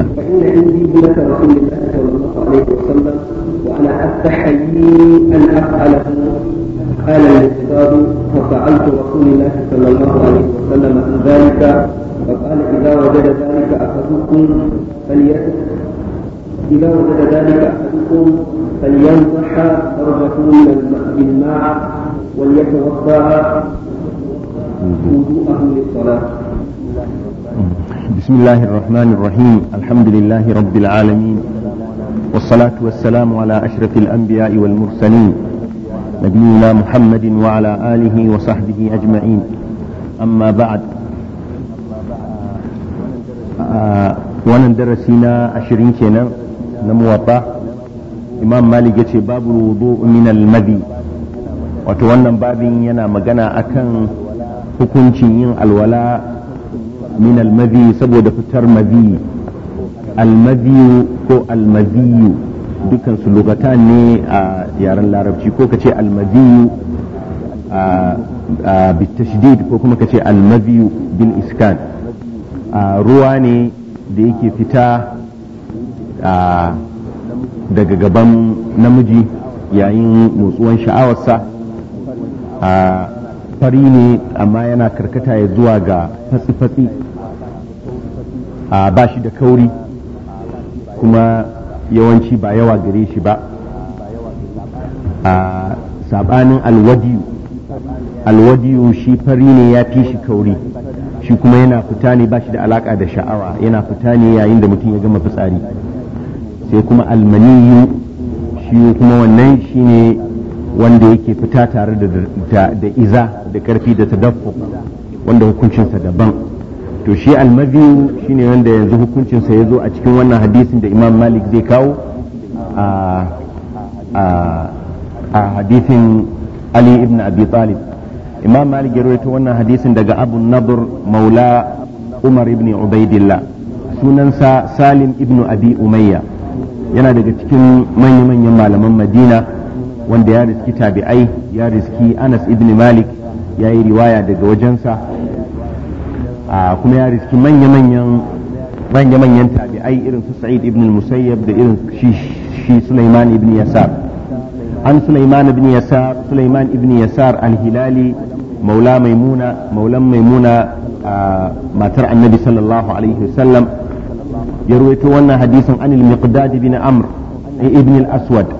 وسلم فإن عندي بنة رسول الله صلى الله عليه وسلم وأنا أستحيي أن أفعله قال الانتقاد فسألت رسول الله صلى الله عليه وسلم عن ذلك فقال إذا وجد ذلك أحدكم فليأتي إذا وجد ذلك أحدكم فليمسح فرجه بالماء وليتوضأ وضوءه للصلاة بسم الله الرحمن الرحيم الحمد لله رب العالمين والصلاة والسلام على أشرف الأنبياء والمرسلين نبينا محمد وعلى آله وصحبه أجمعين أما بعد wannan darasi na ashirin kenan na muwatta imam malik ya ce babu wudu min almadi wato wannan babin yana magana akan hukuncin yin alwala min almazi saboda fitar mazi almazi ko almaziyu dukkan su lugata ne a yaren larabci ko kace almaziyu a bitashdid ko kuma kace almaziyu bin iskan ruwa ne da yake fita daga gaban namiji yayin motsuwan sha'awarsa fari ne amma yana karkata ya zuwa ga fatsi-fatsi a ba shi da kauri kuma yawanci ba yawa gare shi ba a sabanin alwadiyu alwadiyu shi fari ne ya fi shi kauri shi kuma yana fita ne ba shi da alaka da sha'awa yana fita ne yayin da mutum ya gama fitsari sai kuma almaniyu shi kuma wannan shi ne wanda yake fita tare da iza da karfi da tadaffuk wanda hukuncinsa daban to shi almabiyu shine wanda yanzu hukuncinsa ya zo a cikin wannan hadisin da imam malik zai kawo a hadisin ali ibn abi talib imam malik ya rawaito wannan hadisin daga abu nabur maula umar ibn ubaidillah sunansa salim ibn abi umayya yana daga cikin manya-manyan malaman madina wanda ya riski tabi'ai ya riski anas ibn malik ya yi riwaya daga wajensa kuma ya riski manya-manyan manya-manyan tabi'ai irin su Sa'id ibn al-Musayyab da irin shi shi Sulaiman ibn Yasar an Sulaiman ibn Yasar Sulaiman ibn Yasar al-Hilali maula maimuna maulan maimuna matar annabi sallallahu alaihi wasallam ya ruwaito wannan hadisin an al-Miqdad ibn Amr ibn al-Aswad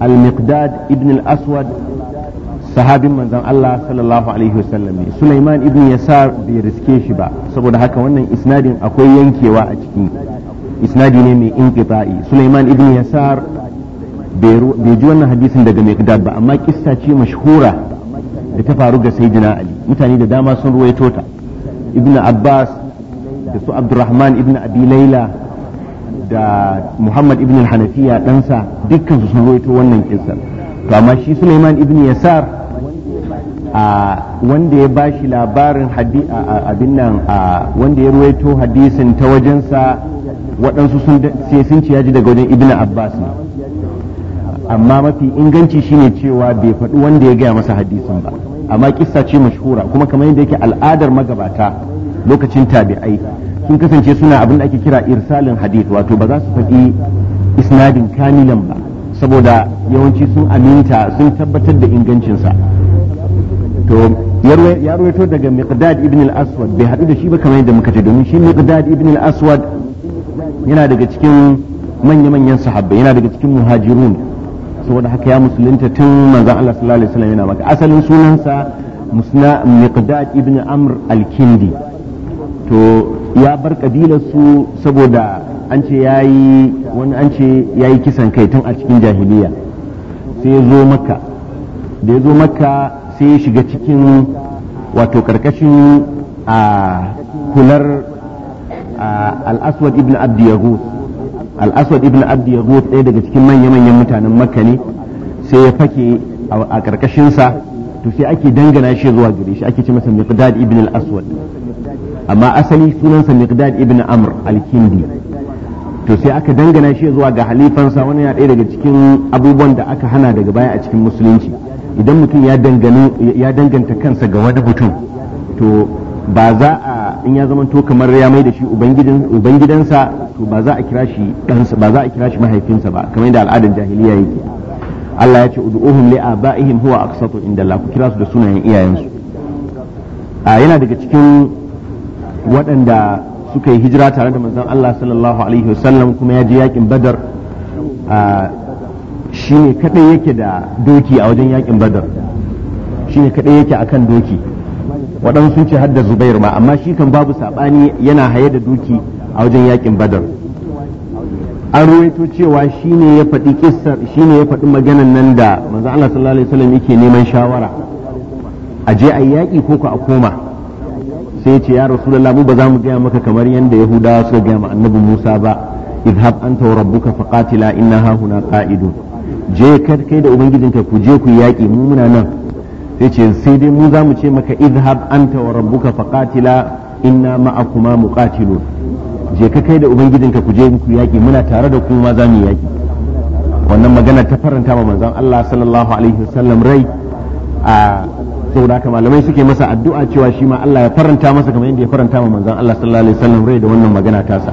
al-Miqdad ibn al-Aswad sahabin manzon Allah sallallahu alaihi wasallam ne Sulaiman ibn Yasar bai riske shi ba saboda haka wannan isnadin akwai yankewa a cikin isnadi ne mai inqita'i Sulaiman ibn Yasar bai ji wannan hadisin daga Miqdad ba amma kissa ce mashhura da ta faru ga Sayyidina Ali mutane da dama sun ruwaito ta Ibn Abbas da su Abdurrahman ibn Abi Layla da Muhammad ibn al-Hanafiya ɗansa dukkan su sun ruwaito wannan kissa to amma shi Sulaiman ibn Yasar A wanda ya bashi labarin abin nan a wanda ya ruwaito hadisin ta wajensa waɗansu sun ce ya ji daga wajen ibn abbas ne amma mafi inganci shine cewa bai faɗi wanda ya gaya masa hadisin ba amma kisa ce mashura, kuma kamar yadda yake al'adar magabata lokacin tabi'ai sun kasance suna abin da ake kira irsalin hadith wato ba za su faɗi isnadin kamilan ba saboda yawanci sun aminta sun tabbatar da ingancinsa to ya ruwaito daga miqdad ibn al-aswad bai haɗu da shi ba kamar yadda muka ce domin shi miqdad ibn al-aswad yana daga cikin manya-manyan sahabbai yana daga cikin muhajirun saboda haka ya musulunta tun manzon Allah sallallahu alaihi wasallam yana maka asalin sunansa musna miqdad ibn amr al-kindi to ya bar kabilar su saboda an ce yayi wani an yayi kisan kai tun a cikin jahiliya sai ya zo maka. da ya zo makka sai ya shiga cikin wato karkashin a kular al'aswad ibn abdi al'aswad ibn abdi ɗaya daga cikin manya-manyan mutanen makka ne sai ya fake a karkashinsa to sai ake dangana shi zuwa gare shi ake ce masa miqdad ibn al-aswad amma asali sunansa miqdad ibn amr al-kindi to sai aka dangana shi zuwa ga halifansa wani ya ɗaya daga cikin abubuwan da aka hana daga baya a cikin musulunci idan mutum ya danganta kansa ga wani mutum to ba za a in ya zama to kamar ya mai da shi ubangidansa to ba za a kira shi ɗansa ba za a kira shi mahaifinsa ba kamar da al'adar jahiliya yake Allah ya ce ud'uhum li abaihim huwa aqsatu inda Allah ku kira su da sunayen iyayensu a yana daga cikin waɗanda suka yi hijira tare da manzon Allah sallallahu alaihi wasallam kuma ya je yakin Badar shi ne kaɗai yake da doki a wajen yakin badar shi ne kaɗai yake akan doki waɗansu ce da zubair ma amma shi kan babu saɓani yana haye da doki a wajen yakin badar an ruwaito cewa shi ne ya faɗi kissar shi ne ya faɗi maganan nan da manzo Allah sallallahu alaihi wasallam yake neman shawara a je a yaƙi ko ka a koma sai ya ce ya rasulullah mu ba za mu gaya maka kamar yadda yahudawa suka gaya ma annabi Musa ba idhab anta wa rabbuka faqatila inna hahuna qa'idun je kai da ubangijinka ku je ku yaƙi mu muna nan sai ce sai dai mu za mu ce maka izhab anta wa rabbuka faqatila inna ma'akuma muqatilun je ka kai da ubangijinka ku je ku yaƙi muna tare da ku ma za mu yaƙi wannan magana ta faranta ma manzon Allah sallallahu alaihi wasallam rai a saboda haka malamai suke masa addu'a cewa shi ma Allah ya faranta masa kamar yadda ya faranta ma manzon Allah sallallahu alaihi wasallam rai da wannan magana tasa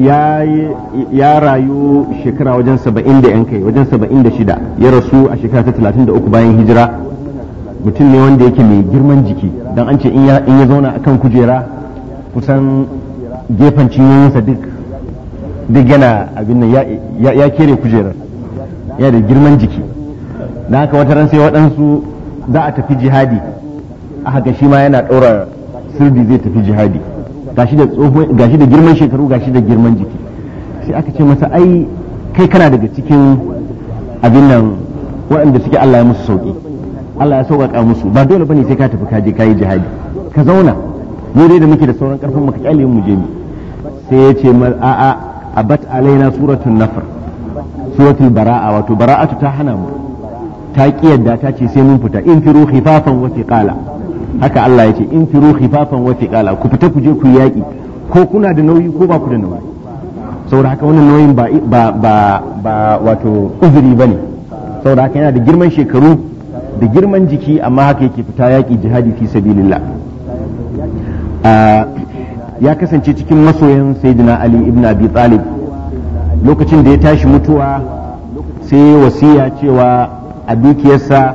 ya rayu shekara wajen saba'in da yankai wajen saba'in da shida ya rasu a shekara ta talatin da uku bayan hijira mutum ne wanda yake mai girman jiki don an ce in ya zauna akan kujera kusan gefen cinyoyinsa duk duk yana abin nan ya kere kujerar ya da girman jiki da haka wata ran sai waɗansu za a tafi jihadi a haka shi ma yana ɗaura sirdi zai tafi jihadi gashi da girman shekaru gashi da girman jiki sai aka ce masa ai kai kana daga cikin abin nan waɗanda suke Allah ya musu sauki Allah ya sauƙaƙa musu ba dole bane sai ka tafi ka je ka yi jihadi ka zauna mu dai da muke da sauran karfin mu ka kyale mu je mu sai ya ce a a'a abat alaina suratul nafr suratul bara'a wato bara'atu ta hana mu ta kiyarda ta ce sai mun fita in firu khifafan wa thiqala haka Allah ya ce in firu khifafan wa thiqala ku fita ku je ku yaki ko kuna da nauyi ko ba ku da nauyi saboda haka wannan nauyin ba ba ba wato uzuri bane saboda haka yana da girman shekaru da girman jiki amma haka yake fita yaki jihadi fi sabilillah ya kasance cikin masoyan sayyidina ali ibn abi talib lokacin da ya tashi mutuwa sai wasiya cewa a dukiyarsa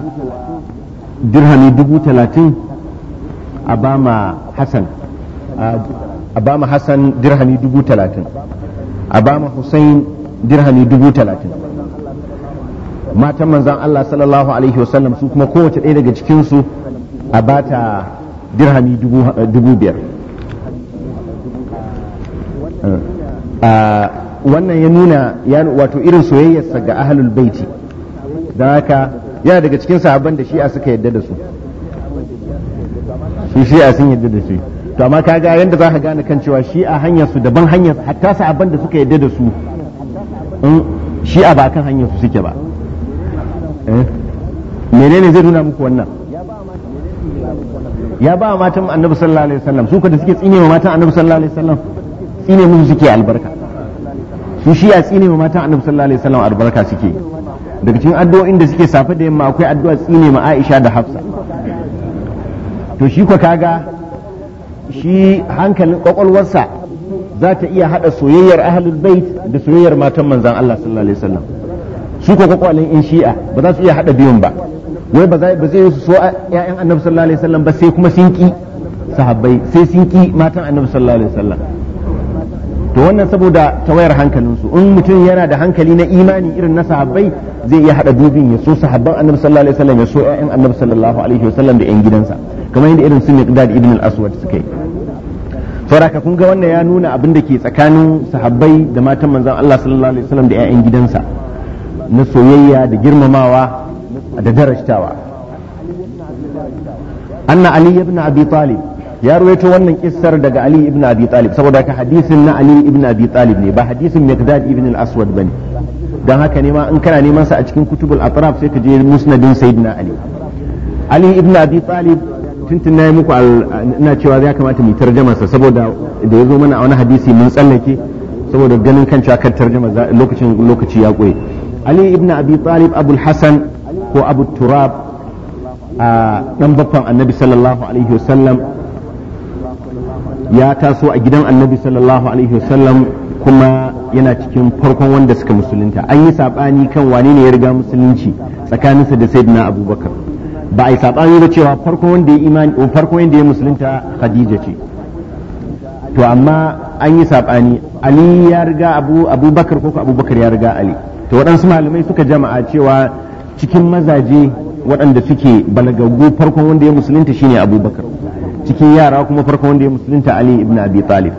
dirhami dubu talatin a ba ma hassan a ba ma hassan dirhami dubu talatin a ba ma hussein dirhami dubu talatin matan manzan Allah sallallahu alaihi wasallam su kuma kowace ɗaya daga cikinsu a ba ta dirhami dubu biyar wannan ya nuna wato irin soyayyarsa ga ahalul baiti don haka yana daga cikin sahabban da shi'a suka yadda da su su shi'a sun yadda da shi to amma kaga yanda za ka gane kan cewa shi'a hanyar su daban hanyar hatta sahabban da suka yadda da su shi'a ba kan hanyar su suke ba eh? menene zai nuna muku wannan ya ba matan annabi sallallahu alaihi wasallam su ka da suke tsine wa matan annabi sallallahu alaihi wasallam tsine musu suke albarka su shi'a tsine wa matan annabi sallallahu alaihi wasallam albarka suke daga cikin addu'o'in da suke safe da yamma akwai addu'a tsine ma Aisha da Hafsa to shi kwa kaga shi hankalin kwakwalwarsa za ta iya hada soyayyar ahlul bait da soyayyar matan manzan Allah sallallahu alaihi wasallam su ko kwakwalin in shi'a ba za su iya hada biyun ba wai ba zai yi su so ƴaƴan annabi sallallahu alaihi wasallam ba sai kuma sun ki sahabbai sai sun ki matan annabi sallallahu alaihi wasallam to wannan saboda tawayar hankalinsu in mutum yana da hankali na imani irin na sahabbai zai iya hada dubin ya so sahabban annabi sallallahu alaihi wasallam ya so ƴaƴan annabi sallallahu alaihi wasallam da ƴan gidansa kamar yadda irin su miqdad ibn al-aswad suke yi saboda kun ga wannan ya nuna abin da ke tsakanin sahabbai da matan manzon Allah sallallahu alaihi wasallam da ƴaƴan gidansa na soyayya da girmamawa da darajtawa anna ali ibn abi talib ya ruwaito wannan kissar daga ali ibn abi talib saboda ka hadisin na ali ibn abi talib ne ba hadisin miqdad ibn al-aswad bane dan haka ne ma in kana neman sa a cikin kutubul atraf sai ka je musnadin sayyidina ali ali ibn abi talib tuntun na yi muku ina cewa ya kamata mu tarjama sa saboda da ya zo mana a wani hadisi mun tsallake saboda ganin kan cewa kan tarjama lokacin lokaci ya koye ali ibn abi talib abu hasan ko abu turab a dan baffan annabi sallallahu alaihi wasallam ya taso a gidan annabi sallallahu alaihi wasallam kuma yana cikin farkon wanda suka musulunta an yi saɓani kan wane ne ya riga musulunci tsakaninsa da sayyidina abubakar ba a yi saɓani da cewa farko wanda ya imani farko wanda ya musulunta khadija ce to amma an yi saɓani ali ya riga abu abubakar ko abubakar ya riga ali to waɗansu malamai suka jama'a cewa cikin mazaje waɗanda suke balagaggu farkon wanda ya musulunta shine abubakar cikin yara kuma farkon wanda ya musulunta ali ibn abi talib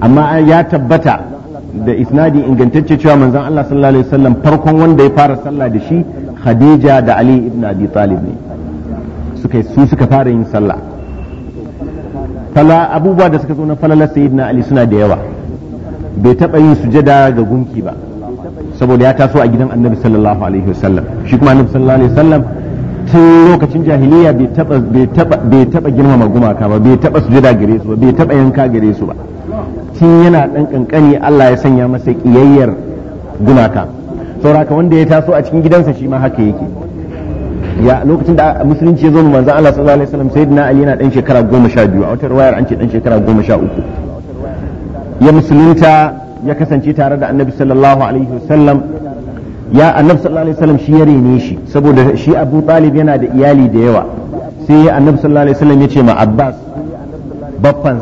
amma ya tabbata da isnadi ingantacce cewa manzon Allah sallallahu alaihi wasallam farkon wanda ya fara sallah da shi khadija da ali ibn abi talib ne suka su suka fara yin sallah fala abubuwa da suka zo na Falala sayyidina ali suna da yawa bai taba yin sujada ga gunki ba saboda ya taso a gidan annabi sallallahu alaihi wasallam shi kuma annabi sallallahu alaihi wasallam tun lokacin jahiliya bai taba bai taba bai taba girmama gumaka ba bai taba sujada gare su ba bai taba yanka gare su ba tun yana dan kankani Allah ya sanya masa kiyayyar gumaka sauraka wanda ya taso a cikin gidansa shi ma haka yake ya lokacin da musulunci ya zo manzon Allah sallallahu alaihi wasallam sayyidina Ali yana dan shekara goma sha biyu a wata riwayar an ce dan shekara goma sha uku ya musulunta ya kasance tare da annabi sallallahu alaihi wasallam ya annabi sallallahu alaihi wasallam shi ya rene shi saboda shi Abu Talib yana da iyali da yawa sai ya annabi sallallahu alaihi wasallam ya ce ma Abbas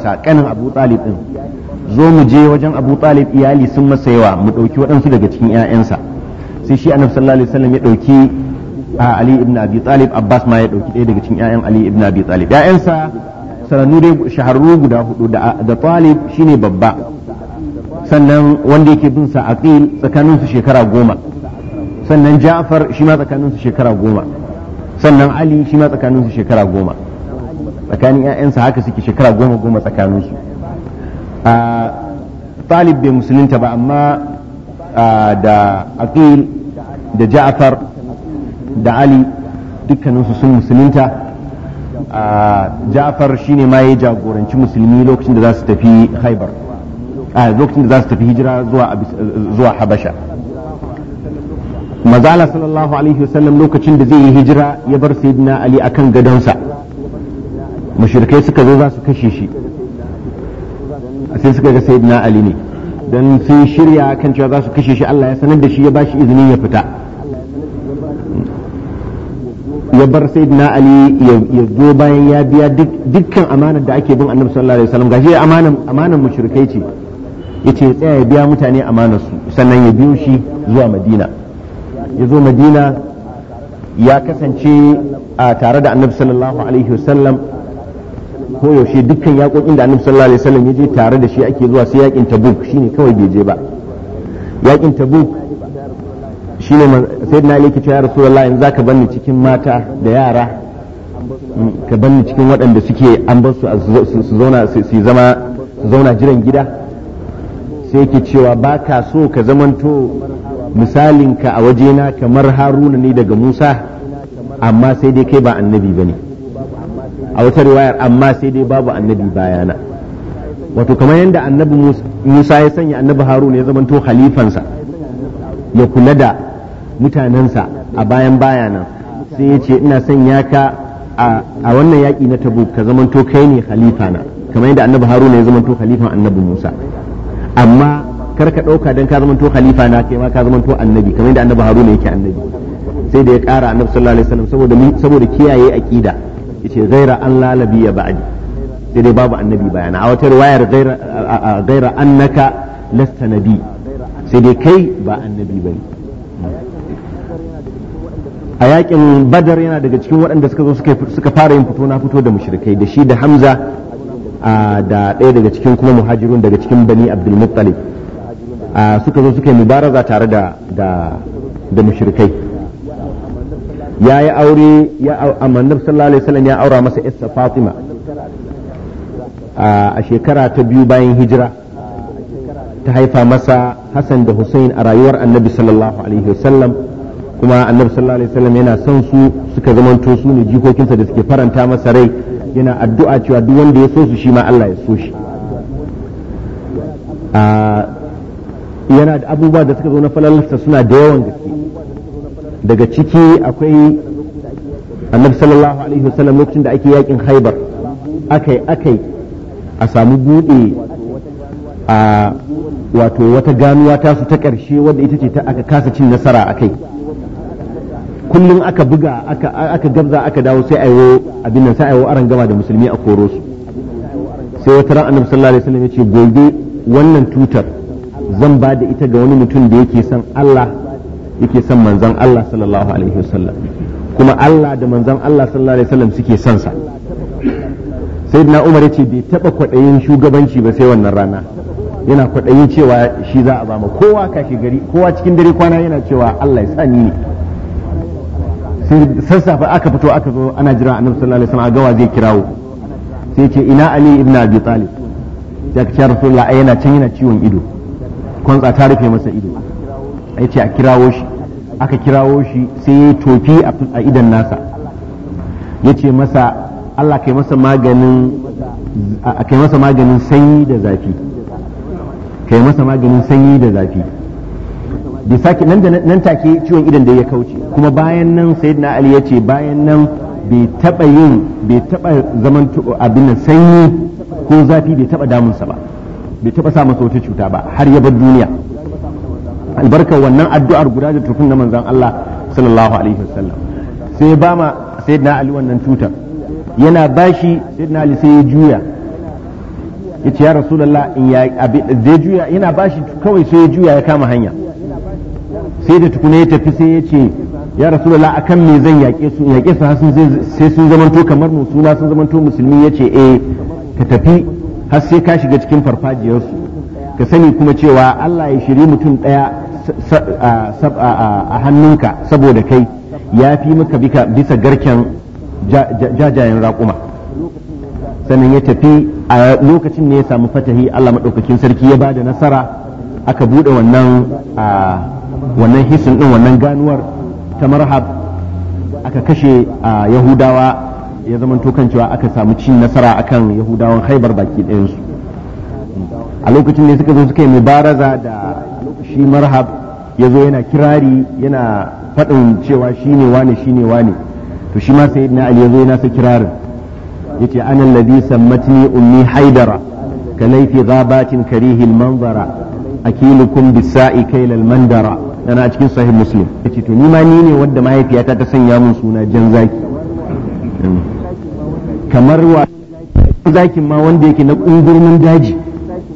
sa kanin Abu Talib din zo mu je wajen Abu Talib iyali sun masa yawa mu dauki waɗansu daga cikin 'ya'yansa sai shi annabi sallallahu alaihi wasallam ya dauki Ali ibn Abi Talib Abbas ma ya dauki ɗaya daga cikin ƴaƴan Ali ibn Abi Talib ƴaƴansa sanannu dai shahararru guda hudu da Talib shine babba sannan wanda yake bin sa Aqil tsakanin su shekara goma sannan Ja'far shi ma tsakanin su shekara goma sannan Ali shi ma tsakanin su shekara goma tsakanin ƴaƴansa haka suke shekara goma goma tsakanin su Talib bai musulunta ba amma da Aqil da ja'far da ali dukkaninsu sun musulunta ja'far shine ma ya jagoranci musulmi lokacin da za su tafi haibar a lokacin da za su tafi hijira zuwa habasha mazala sallallahu alaihi wasallam lokacin da zai yi hijira ya bar sayyidina ali akan gadonsa mashirkai suka zo za su kashe shi sai suka ga sayyidina ali ne don sun shirya kan cewa za su kashe shi Allah ya sanar da shi ya ba shi izinin ya fita ya bar sayyidina ali ya zo bayan ya biya dukkan amanar da ake bin annabi sallallahu alaihi wasallam gashi amanan amanan mushrikai ce yace tsaya ya biya mutane amanar su sannan ya biyo shi zuwa madina ya zo madina ya kasance a tare da annabi sallallahu alaihi wasallam koyaushe dukkan yakokin da annabi sallallahu alaihi wasallam ya je tare da shi ake zuwa sai yakin tabuk shine kawai bai je ba yakin tabuk shine sai na liki cewa rasulullah yanzu ka banni cikin mata da yara ka banni cikin waɗanda suke an ba su su zauna su zama zauna jiran gida sai yake cewa ba ka so ka zamanto misalinka a wajena kamar haruna ne daga musa amma sai dai kai ba annabi ba ne a wata riwayar amma sai dai babu annabi bayana wato kamar yadda annabi musa ya sanya annabi haruna ya zamanto halifansa ya kula da mutanensa a bayan baya nan sai ya ce ina son ka a wannan yaƙi na tabu ka zamanto kai ne halifa na kamar yadda annabi haruna ya zamanto halifa annabi musa amma kar ka ɗauka don ka zamanto halifa na kai ma ka zamanto annabi kamar yadda annabi haruna yake annabi sai da ya ƙara annabi sallallahu alaihi wasallam saboda saboda kiyaye aqida yace ghaira an lalabi ya ba'di sai dai babu annabi bayana a wata riwayar ghaira annaka lasta nabi sai dai kai ba annabi bane a yakin badar yana daga cikin waɗanda suka zo suka fara yin fito na fito da mushrikai da shi da hamza da ɗaya daga cikin kuma muhajirun daga cikin bani abdulmuttalib suka zo suka yi mubaraza tare da da mushrikai ya yi aure ya amannab sallallahu alaihi wasallam ya aura masa isa fatima a shekara ta biyu bayan hijira ta haifa masa hassan da hussein a rayuwar annabi sallallahu alaihi wasallam kuma annabi sallallahu alaihi wasallam yana son su suka zamanto su ne jikokinsa da suke faranta masa rai yana addu'a cewa duk wanda ya so su shi ma Allah ya so shi yana da abubuwa da suka zo na falalarsa suna da yawan gaske daga ciki akwai annabi sallallahu alaihi wasallam lokacin da ake yakin haibar akai akai a samu buɗe a wato wata ganuwa tasu ta karshe wadda ita ce ta aka kasa cin nasara akai kullum aka buga aka gabza aka dawo sai ayo abin nan sai ayo aran gama da musulmi a koro su sai wata ran annabi sallallahu alaihi wasallam yace gobe wannan tutar zan ba da ita ga wani mutum da yake son Allah yake son manzon Allah sallallahu alaihi wasallam kuma Allah da manzon Allah sallallahu alaihi wasallam suke son sa sai na Umar yace bai taba kwadayin shugabanci ba sai wannan rana yana kwadayin cewa shi za a ba kowa kashi gari kowa cikin dare kwana yana cewa Allah ya sani ne sai sassafe aka fito aka zo ana jira annabi sallallahu alaihi wasallam gawa zai kirawo sai ce ina ali ibn abi talib ya ce rasulullah ai yana can yana ciwon ido kwantsa ta rufe masa ido ya ce a kirawo shi aka kirawo shi sai ya tofi a idan nasa ya ce masa Allah kai masa kai masa maganin sanyi da zafi da sake nan da nan take ciwon idan da ya kauce kuma bayan nan sayyidina ali ya ce bayan nan bai taba yin bai taba zaman abin nan sanyi ko zafi bai taba damunsa ba bai taba sa masa wata cuta ba har ya bar duniya albarka wannan addu'ar guda da tufin na manzon Allah sallallahu alaihi wasallam sai ba ma sayyidina ali wannan cutar yana bashi sayyidina ali sai ya juya yace ya rasulullah in ya zai juya yana bashi kawai sai ya juya ya kama hanya sai da tukuna ya tafi sai ya ce ya da akan me zan yaƙe su yaƙe sai sun zamanto kamar mu suna sun zamanto musulmi ya ce eh ka tafi har sai ka shiga cikin farfajiyarsu ka sani kuma cewa Allah ya shiri mutum ɗaya a hannunka saboda kai ya fi maka bisa garken jajayen raƙuma sannan ya tafi a lokacin ne ya samu fatahi Allah maɗaukakin sarki ya ba da nasara aka buɗe wannan wannan hisin din wannan ganuwar ta marhab aka kashe a yahudawa ya zama kan cewa aka samu cin nasara akan yahudawan haibar baki ɗayansu a lokacin ne suka zo suka yi mubaraza da shi marhab ya zo yana kirari yana faɗin cewa shi ne wane shi ne wane to shi ma sai na ali ya zo yana sa kirarin ya ce ana ladi sammatini ummi haidara ka laifi gabatin karihi manzara akilukum bisa'i kailal mandara yana cikin sahih muslim yace to ni ma ni ne wanda mahaifiyata ta sanya mun suna jan zaki kamar wa zakin ma wanda yake na kungurmin daji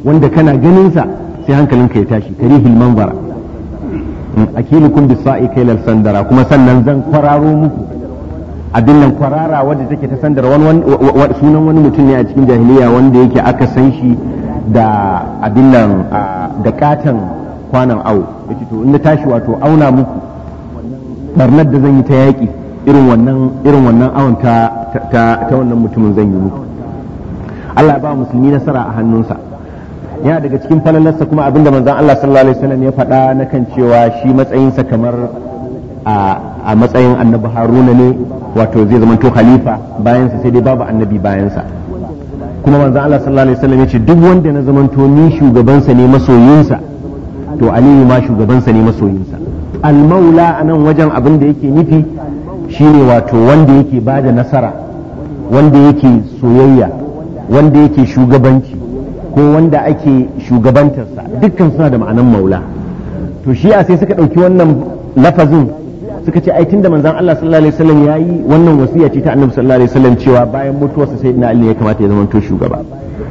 wanda kana ganin sa sai hankalinka ya tashi karihil manzara akilukum bisa'i kailal sandara kuma sannan zan kwararo muku abin nan kwarara wadda take ta sandar sunan wani mutum ne a cikin jahiliya wanda yake aka san shi da abin nan da katan kwanan awo yace to inda tashi wato auna muku barnar da zan yi ta yaƙi irin wannan irin awon ta wannan mutumin zan yi muku Allah ba musulmi nasara a hannunsa yana daga cikin falalarsa kuma abinda manzon Allah sallallahu alaihi wasallam ya faɗa na kan cewa shi matsayinsa kamar a matsayin annabi Haruna ne wato zai zama to khalifa bayansa sai dai babu annabi bayansa kuma manzon Allah sallallahu alaihi wasallam ya ce duk wanda na zamanto ni shugabansa ne masoyinsa to aliyu ma shugabansa ne masoyinsa almaula a nan wajen abin da yake nufi shine wato wanda yake ba da nasara wanda yake soyayya wanda yake shugabanci ko wanda ake shugabantarsa dukkan suna da ma'anan maula to shi a sai suka ɗauki wannan lafazin suka ce ai tunda manzon Allah sallallahu alaihi wasallam yayi wannan wasiya ce ta annabi sallallahu alaihi wasallam cewa bayan mutuwarsa sayyidina Ali ya kamata ya zama to shugaba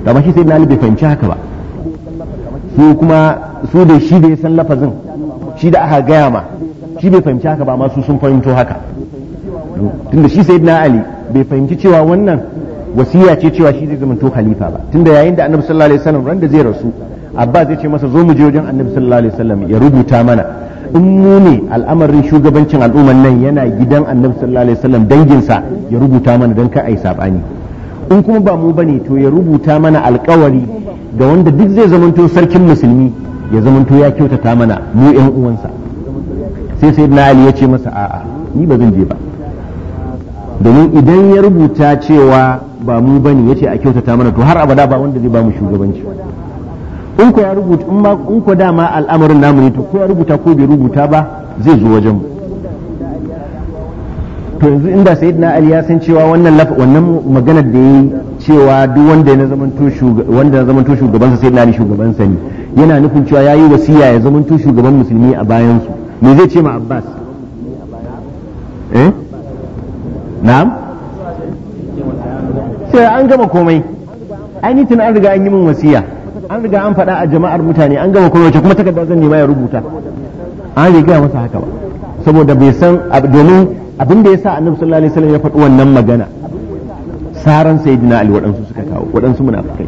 amma shi sayyidina Ali bai fahimci haka ba su kuma su da shi da ya san lafazin shi da aka gaya ma shi bai fahimci haka ba masu sun fahimto haka tunda shi sai na ali bai fahimci cewa wannan wasiya ce cewa shi zai zama to khalifa ba tunda yayin da annabi sallallahu alaihi wasallam ran da zai rasu abba zai ce masa zo mu je wajen annabi sallallahu alaihi wasallam ya rubuta mana in mu ne al'amarin shugabancin al'umman nan yana gidan annabi sallallahu alaihi wasallam danginsa ya rubuta mana don ka ai sabani in kuma ba mu bane to ya rubuta mana alkawari ga wanda duk zai zamanto sarkin musulmi ya zamanto ya kyautata mana mu yan uwansa sai sai na ali ya ce masa a'a ni ba zan je ba domin idan ya rubuta cewa ba mu bane yace a kyautata mana to har abada ba wanda zai ba mu shugabanci in ko ya rubuta in ma ko dama al'amarin namu ne to ko ya rubuta ko bai rubuta ba zai zo wajen mu to yanzu inda sayyidina ali ya san cewa wannan wannan maganar da yayi cewa duk wanda ya zamanto shugaban wanda ya zamanto shugaban sa sayyidina ali shugaban sa ne yana nufin cewa yayi wasiya ya zamanto shugaban musulmi a bayan su me zai ce ma abbas eh na'am sai an gama komai ai tun an riga an yi min wasiya an riga an faɗa a jama'ar mutane an gama komai kuma takarda zan nema ya rubuta an riga masa haka ba saboda bai san domin abin da sa annabi sallallahu alaihi wasallam ya faɗi wannan magana saran sayyidina ali waɗansu suka kawo waɗansu munafikai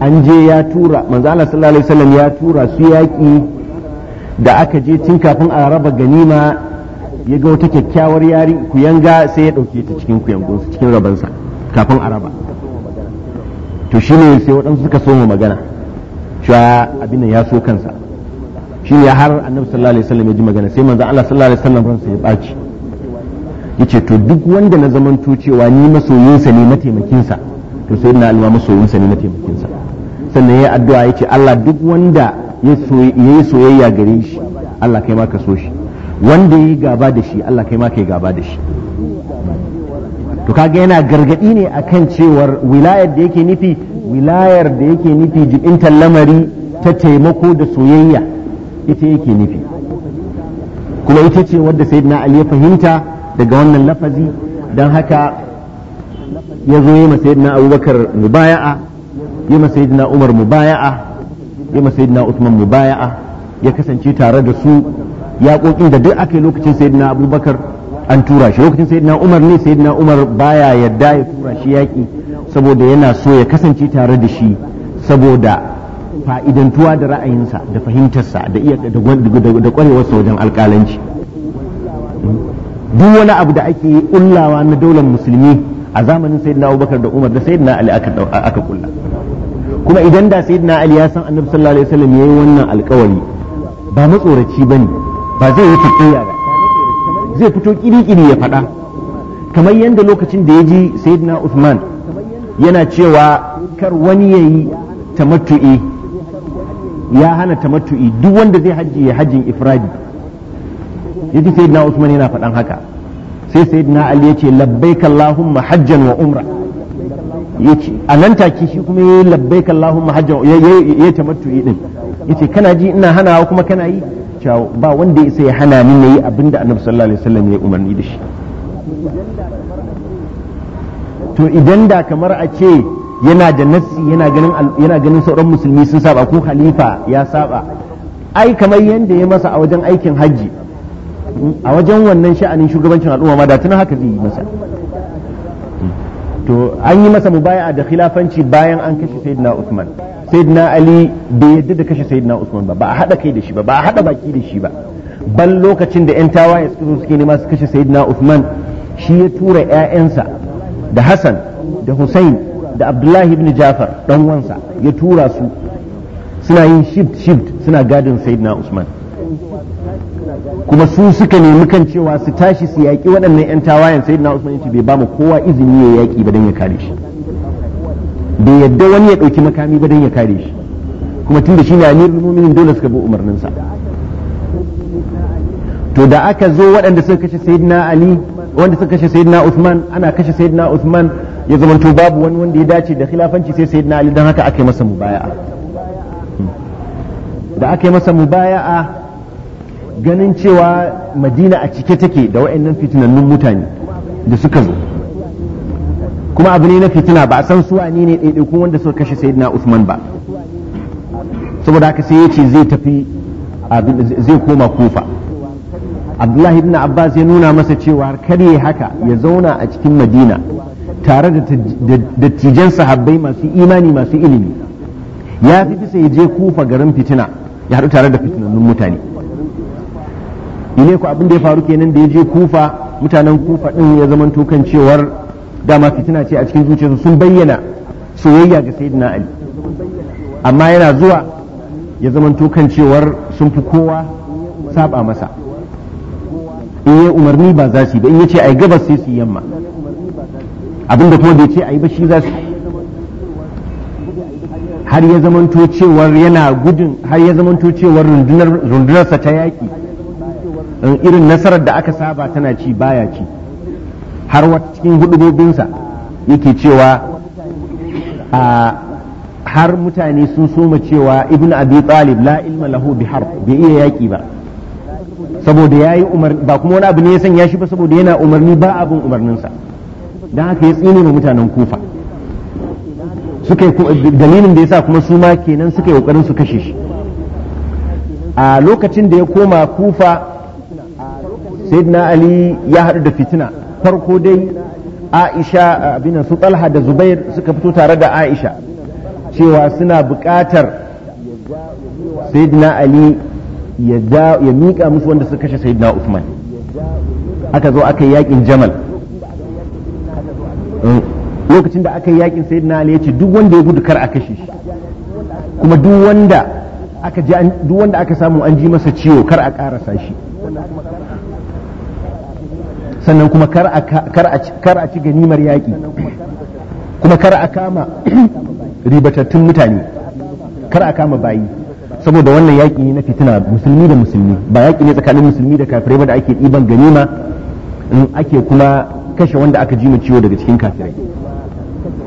an je ya tura manzo Allah sallallahu alaihi wasallam ya tura su yaƙi da aka je tun kafin a raba ganima ya ga wata kyakkyawar yari kuyanga sai ya ɗauke ta cikin kuyangunsa cikin rabansa kafin a raba to shi ne sai waɗansu suka so mu magana cewa abin nan ya so kansa shi ne har annabi sallallahu alaihi wasallam ya ji magana sai manzo Allah sallallahu alaihi wasallam ransa ya ɓaci yace to duk wanda na zamanto cewa ni masoyinsa ne taimakinsa to sai na alma masoyinsa ne taimakinsa sannan ya addu'a yace Allah duk wanda ya yi soyayya gare shi Allah kai ma ka so shi wanda ya yi gaba da shi Allah kai ma ka yi gaba da shi to kaga yana gargadi ne akan cewar wilayar da yake nufi wilayar da yake nufi jibintar lamari ta taimako da soyayya ita yake nufi kuma ita ce wadda sayyidina ali ya fahimta daga wannan lafazi don haka ya zo yi masayidina abubakar mubaya'a yi masayidina umar mubaya'a yi masayidina usman mubaya'a ya kasance tare da su ya yaƙoƙin da duk aka yi lokacin sayidina abubakar an tura shi lokacin sayidina umar ne sayidina umar baya yadda ya tura shi yaƙi saboda yana so ya kasance tare da shi saboda fa'idantuwa da ra'ayinsa da fahimtarsa da iya da kwarewarsa wajen alƙalanci hmm? duk wani abu da ake kullawa na daular musulmi a zamanin sayyidina Abubakar da Umar da sayyidina Ali aka kulla kuma idan da sayyidina Ali ya san Annabi sallallahu alaihi wasallam yayin wannan alkawari ba matsoraci bane ba zai yi tafiya ba zai fito kiri-kiri ya faɗa kamar yadda lokacin da ya ji sayyidina usman yana cewa kar wani yayi tamattu'i ya hana tamattu'i duk wanda zai hajji ya hajjin ifradi yaji sayyidina usman yana faɗan haka sai sayyidina ali yace labbaik allahumma hajjan wa umra yace a nan take shi kuma yayi labbaik allahumma hajjan ya tamattu'i din yace kana ji ina hanawa kuma kana yi cewa ba wanda ya sai hana min yayi abinda annabi sallallahu alaihi wasallam ya umarni da shi to idan da kamar a ce yana da nassi yana ganin yana ganin sauran musulmi sun saba ko khalifa ya saba ai kamar yanda ya masa a wajen aikin hajji a wajen wannan sha'anin shugabancin al'umma ma da tunan haka zai yi masa to an yi masa mubaya'a da khilafanci bayan an kashe sayyidina Usman sayyidina Ali bai yadda da kashe sayyidina Usman ba ba a hada kai da shi ba ba a hada baki da shi ba ban lokacin da yan tawaye suka zo suke nema su kashe sayyidina Usman shi ya tura ƴaƴansa da Hassan da Hussein da Abdullahi ibn Jafar dan wansa ya tura su suna yin shift shift suna gadin sayyidina Usman kuma su suka nemi kan cewa su tashi su yaƙi waɗannan 'yan tawayen sai na usman yace bai ba mu kowa izini ya yaƙi ba don ya kare shi bai yadda wani ya ɗauki makami ba don ya kare shi kuma tun da shi ne amirul mu'minin dole suka bi umarninsa to da aka zo waɗanda suka kashe sayyidina ali wanda suka kashe sayyidina usman ana kashe sayyidina usman ya to babu wani wanda ya dace da khilafanci sai sayyidina ali don haka aka yi masa mubaya'a hmm. da aka yi masa mubaya'a ganin cewa madina a cike take da wa'annan fitinannun mutane da suka zo kuma abu ne na fitina ba a san su ne ne ɗaiɗaikun wanda suka kashe sayyidina usman ba saboda haka sai ya ce zai tafi zai koma kufa abdullahi ibn abbas ya nuna masa cewa kar yi haka ya zauna a cikin madina tare da dattijan sahabbai masu imani masu ilimi ya fi bisa ya je kufa garin fitina ya haɗu tare da fitinannun mutane ne ku abin da ya faru kenan da ya je kufa mutanen kufa din ya zaman tukan cewar dama fitina ce a cikin zuciyarsu sun bayyana soyayya ga sayyidina ali amma yana zuwa ya zaman tukan cewar sun fi kowa saba masa in yi umarni ba za su ba in ya ce yi gabas sai su yamma abin da kuma bai ce yi ba shi za su har ya zamanto cewar yana gudun har ya zamanto cewar rundunarsa ta yaƙi irin nasarar da aka saba tana ci baya ci har wata cikin hudubobinsa yake cewa har mutane sun soma cewa ibn abi talib la ilma lahu bi harb bai iya yaki ba saboda yayi umar ba kuma wani abu ne ya sanya shi ba saboda yana umarni ba abin umarninsa don haka ya tsine ma mutanen kufa suka dalilin da ya sa kuma su ma kenan suka yi kokarin su kashe shi a lokacin da ya koma kufa sayyidina ali ya hadu da fitina farko dai aisha abin su talha da zubair suka fito tare da aisha cewa suna buƙatar sayyidina ali ya miƙa musu wanda suka kashe sayyidina usman aka zo aka yi yakin jamal lokacin da aka yi yakin sayyidina ali ya ce duk wanda ya gudu kar a kashe shi kuma duk wanda aka samu an ji masa ciwo kar a karasa shi sannan kuma kar a ci ganimar yaƙi kuma kar a kama ribatattun mutane kar a kama bayi saboda wannan yaƙi ne na fitina musulmi da musulmi ba yaƙi ne tsakanin musulmi da kafirai ba da ake ɗiban ganima in ake kuma kashe wanda aka ji ciwo daga cikin kafirai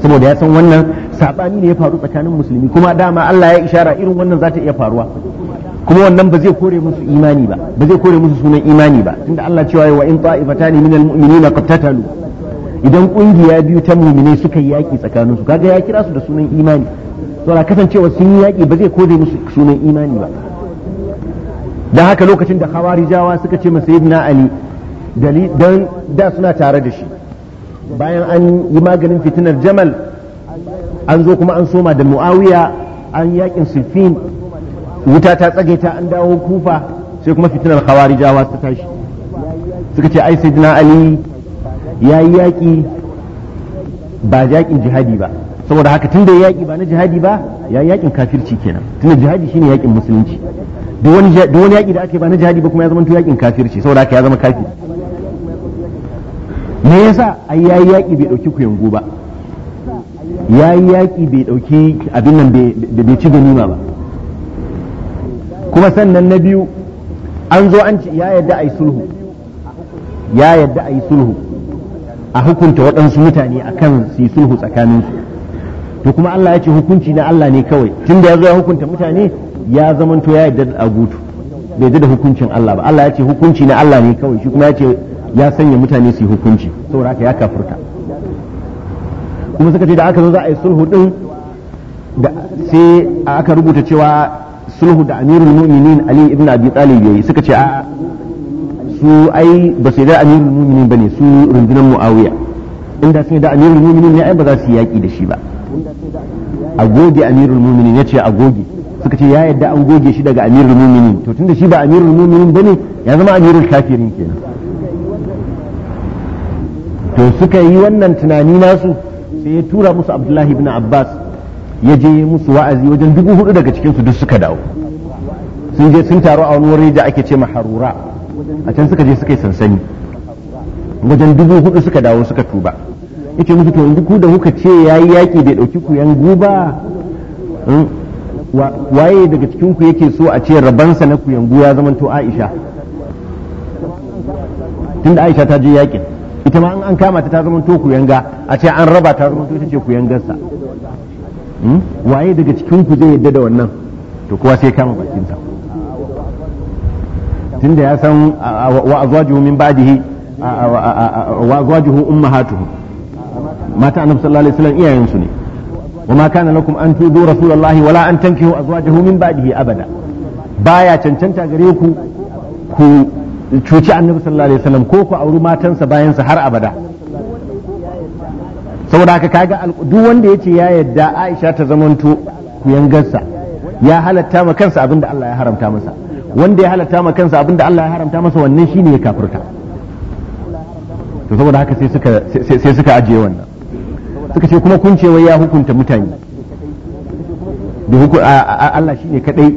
saboda ya san wannan saɓani ne ya faru tsakanin musulmi kuma dama Allah ya ishara irin wannan zata iya faruwa kuma wannan ba zai kore musu imani ba ba zai kore musu sunan imani ba tunda Allah cewa wa in ta'ifatani minal mu'minina qattatalu idan kungiya biyu ta muminai suka yi yaki tsakanin su kaga ya kira su da sunan imani saboda kasancewa sun yi yaki ba zai kore musu sunan imani ba dan haka lokacin da khawarijawa suka ce masa ibn ali dan da suna tare da shi bayan an yi maganin fitinar jamal an zo kuma an soma da muawiya an yakin siffin wuta ta tsage ta an dawo kufa sai kuma fitinar khawarijawa ta tashi suka ce ai sayyidina ali yayi yaki ba yakin jihadi ba saboda haka tunda yaki ba na jihadi ba ya yakin kafirci kenan tunda jihadi shine yakin musulunci duk wani yaƙi yaki da ake ba na jihadi ba kuma ya zama to yakin kafirci saboda haka ya zama ne me yasa ai yayi yaki bai dauki kuyango ba yayi yaki bai dauki abin nan bai ci ganima ba kuma sannan na biyu an zo an ci ya yadda a yi sulhu ya yadda a yi sulhu a hukunta waɗansu mutane a kan su yi sulhu tsakaninsu to kuma Allah ya ce hukunci na Allah ne kawai tun da ya zo ya hukunta mutane ya zamanto ya yadda a gutu, bai yadda hukuncin Allah ba Allah ya ce hukunci na Allah ne kawai shi kuma ya ce ya sanya mutane su yi hukunci saboda haka ya kafurta kuma suka ce da aka zo za a yi sulhu din da sai aka rubuta cewa sulhu da amirul mu'minin ali ibn abi talib yayi suka ce a su ai ba su da amirul mu'minin bane su rundunar muawiya inda sun da amirul mu'minin ne ai ba za su yaki da shi ba a goge amirul mu'minin ce a goge suka ce ya yadda an goge shi daga amirul mu'minin to tunda shi ba amirul mu'minin bane ya zama amirul kafirin kenan to suka yi wannan tunani nasu sai ya tura musu abdullahi ibn abbas ya je musu wa'azi wajen dubu hudu daga cikinsu duk suka dawo sun je sun taru a wani wuri da ake ce harura a can suka je suka yi sansani wajen dubu hudu suka dawo suka tuba yace musu to yanzu ku da kuka ce yayi yaki bai dauki ku yan guba hmm? waye daga cikin ku yake so a ce rabansa na ku guba ya to Aisha tunda Aisha ta je yakin ita ma an kama ta ta to ku yanga a ce an raba ta to ita ce ku yangarsa Hmm? waye daga cikin ku zai yadda da wannan to kowa sai kama bakinsa tunda ya san wa azwajuhu min ba'dihi wa azwajuhu ummahatuhum mata annabi sallallahu alaihi wasallam iyayen su ne wa ma kana lakum an tudu rasulullahi wala an tankihu azwajuhu min ba'dihi abada baya cancanta gare ku ku cuci annabi sallallahu alaihi wasallam ko ku auri matansa bayan sa har abada saboda haka kaga duk wanda yace ya yadda Aisha ta zamanto ku yangarsa ya halatta ma kansa abinda Allah ya haramta masa wanda ya halatta ma kansa abinda Allah ya haramta masa wannan shine ya kafirta to saboda haka sai suka sai suka ajiye wannan suka ce kuma kun ce wai ya hukunta mutane da hukun Allah shine kadai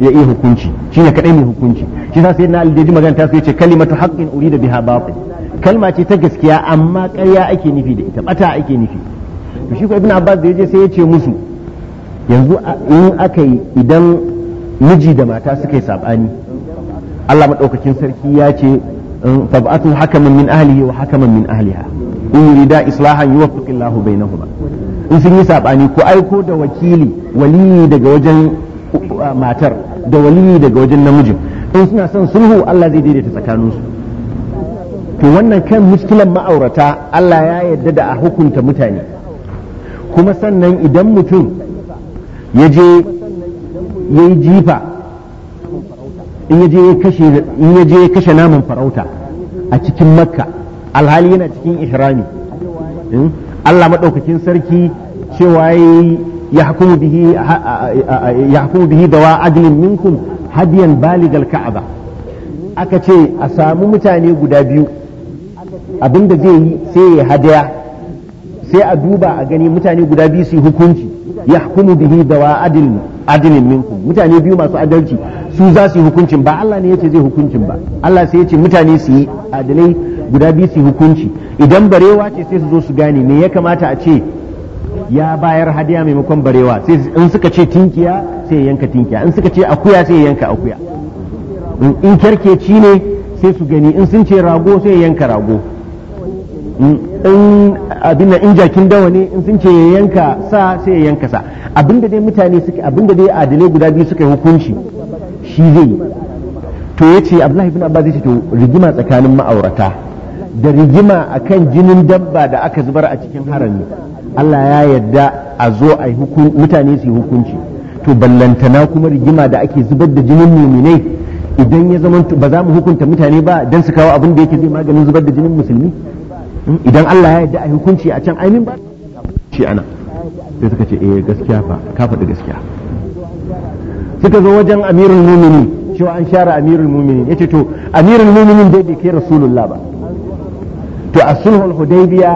ya iya hukunci shine kadai mai hukunci shi sa sai na aljaji magana ta ya ce kalimatu haqqin urida biha batil kalma ce ta gaskiya amma ƙarya ake nufi da ita bata ake nufi to shi ko ibn abbas da yaje sai ya ce musu yanzu in aka yi idan miji da mata suka yi sabani Allah madaukakin sarki ya ce fab'atu hakaman min ahlihi wa hakaman min ahliha in yurida islahan yuwaffiq Allahu bainahuma in sun yi sabani ko aiko da wakili wali daga wajen uh, matar da waliyi daga wajen namijin in suna son sulhu Allah zai daidaita tsakaninsu to wannan kan muskilan ma'aurata Allah ya yarda da a hukunta mutane kuma sannan idan mutum ya je ya yi jifa in ya je ya kashe naman farauta a cikin makka alhali yana cikin ihrami hmm? Allah maɗaukakin sarki cewa ya hukumu bihi da wa adilin minkum hadiyan baligal ka'aba aka ce a samu mutane guda biyu abinda zai yi sai ya hadaya sai a duba a gani mutane guda biyu su hukunci ya hukumu bihi da wa adilin minkum mutane biyu masu adalci su za su yi hukuncin ba Allah ne yace zai hukuncin ba Allah sai yace mutane su yi adalai guda biyu su hukunci idan barewa ce sai su zo su gane me ya kamata a ce ya bayar hadiya maimakon barewa sai in suka ce tinkiya sai ya yanka tinkiya in suka ce akuya sai ya yanka akuya in kerkeci ne sai su gani in sun ce rago sai ya yanka rago in abin nan in jakin dawa ne in sun ce ya yanka sa sai ya yanka sa Abin da dai mutane suke abin da dai adalai guda biyu suka yi hukunci shi zai to ya ce abdullahi ibn abbas ce to rigima tsakanin ma'aurata da rigima kan jinin dabba da aka zubar a cikin harami Allah ya yarda a zo a mutane su yi hukunci to ballantana kuma rigima da ake zubar da jinin mumine idan ya zama ba za mu hukunta mutane ba don su kawo abin da yake zai maganin zubar da jinin musulmi idan Allah ya yarda a hukunci a can ainihin ba ce ana sai suka ce eh gaskiya fa ka faɗi gaskiya suka zo wajen amirul mumini cewa an share amirul mumini ce to amirul mumini dai bai kai rasulullah ba to a sulhul hudaybiya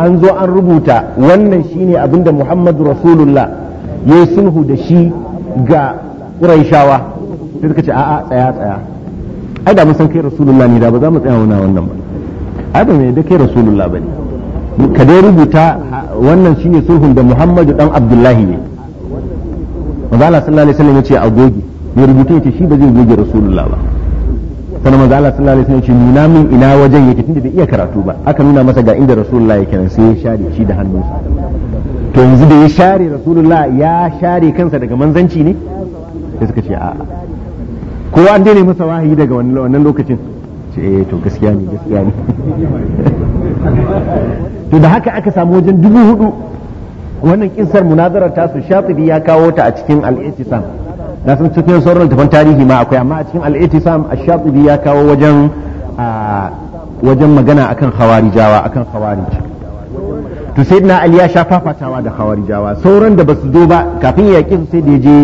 an zo an rubuta wannan shine abinda muhammadu rasulullah ya sulhu da shi ga quraishawa sai suka ce a'a tsaya tsaya ai da mun san kai rasulullah ne da ba za mu tsaya wannan ba adam ne mai da kai rasulullah bane ka dai rubuta wannan shine sulhun da Muhammadu dan Abdullahi ne manzo Allah sallallahu alaihi wasallam ya ce a goge mai rubuta ya ce shi ba zai goge rasulullah ba sannan manzo Allah sallallahu alaihi wasallam ya ce nuna min ina wajen yake tunda bai iya karatu ba aka nuna masa ga inda rasulullah yake nan sai ya share shi da hannunsa to yanzu da ya share rasulullah ya share kansa daga manzanci ne sai suka ce a'a kowa an ne masa wahayi daga wannan lokacin ce eh to gaskiya ne gaskiya ne to da haka aka samu wajen dubu hudu wannan kinsar munazarar tasu shafi ya kawo ta a cikin al-ihtisam na san cikin sauran tafan tarihi ma akwai amma a cikin al-ihtisam ash shafi ya kawo wajen wajen magana akan khawarijawa akan khawarij to sayyidina ali ya sha fafatawa da khawarijawa sauran da basu zo ba kafin ya su sai da je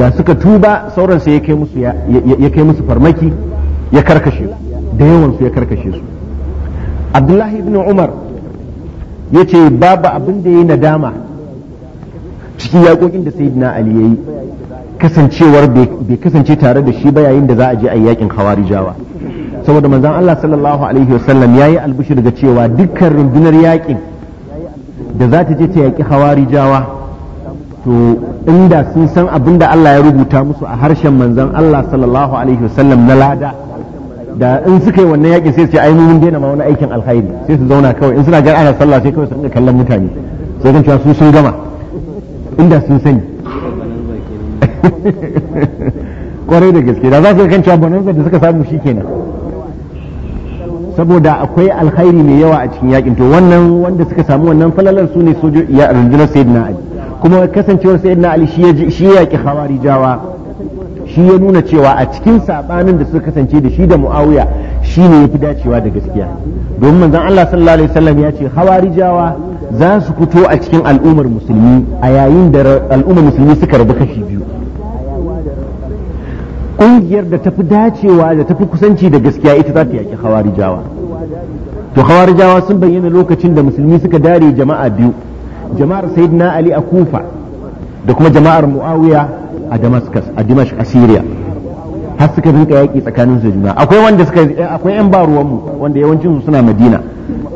da suka tuba sauran sai ya kai musu farmaki ya karkashe da yawan su ya karkashe su abdullahi ibn umar ya ce babu abin da ya yi nadama cikin yaƙoƙin da sayyidina ali ya yi kasancewar bai kasance tare da shi ba yayin da za a je a yakin hawarijawa saboda manzon Allah sallallahu alaihi wasallam ya yi albishir ga cewa dukkan rundunar yaƙin da za ta je ta yaƙi hawarijawa to inda sun san abin da Allah ya rubuta musu a harshen manzon Allah sallallahu alaihi wasallam na lada da in suka yi wannan yakin sai su ce ainihin mun daina ma wani aikin alkhairi sai su zauna kawai in suna ga ana sallah sai kawai su dinga kallon mutane sai kan cewa su sun gama inda sun sani kwarai da gaske da za su kan cewa bonanza da suka samu shikenan saboda akwai alkhairi mai yawa a cikin yakin to wannan wanda suka samu wannan falalar su ne sojoji ya rundunar sayyidina ali kuma kasancewar sayyidina ali shi ya yaki khawarijawa shi ya nuna cewa a cikin sabanin da suka kasance da shi da muawiya shi ne ya fi dacewa da gaskiya domin manzon Allah sallallahu alaihi wasallam ya ce hawarijawa za su fito a cikin al'ummar musulmi a yayin da al'ummar musulmi suka rabu kashi biyu ƙungiyar da tafi dacewa da tafi kusanci da gaskiya ita za ta yaki hawarijawa to hawarijawa sun bayyana lokacin da musulmi suka dare jama'a biyu jama'ar sayyidina ali a kufa da kuma jama'ar muawiya a damascus a Dimash a syria har suka rinka yaƙi tsakanin su juna akwai wanda suka akwai yan ba ruwanmu wanda yawancin su suna madina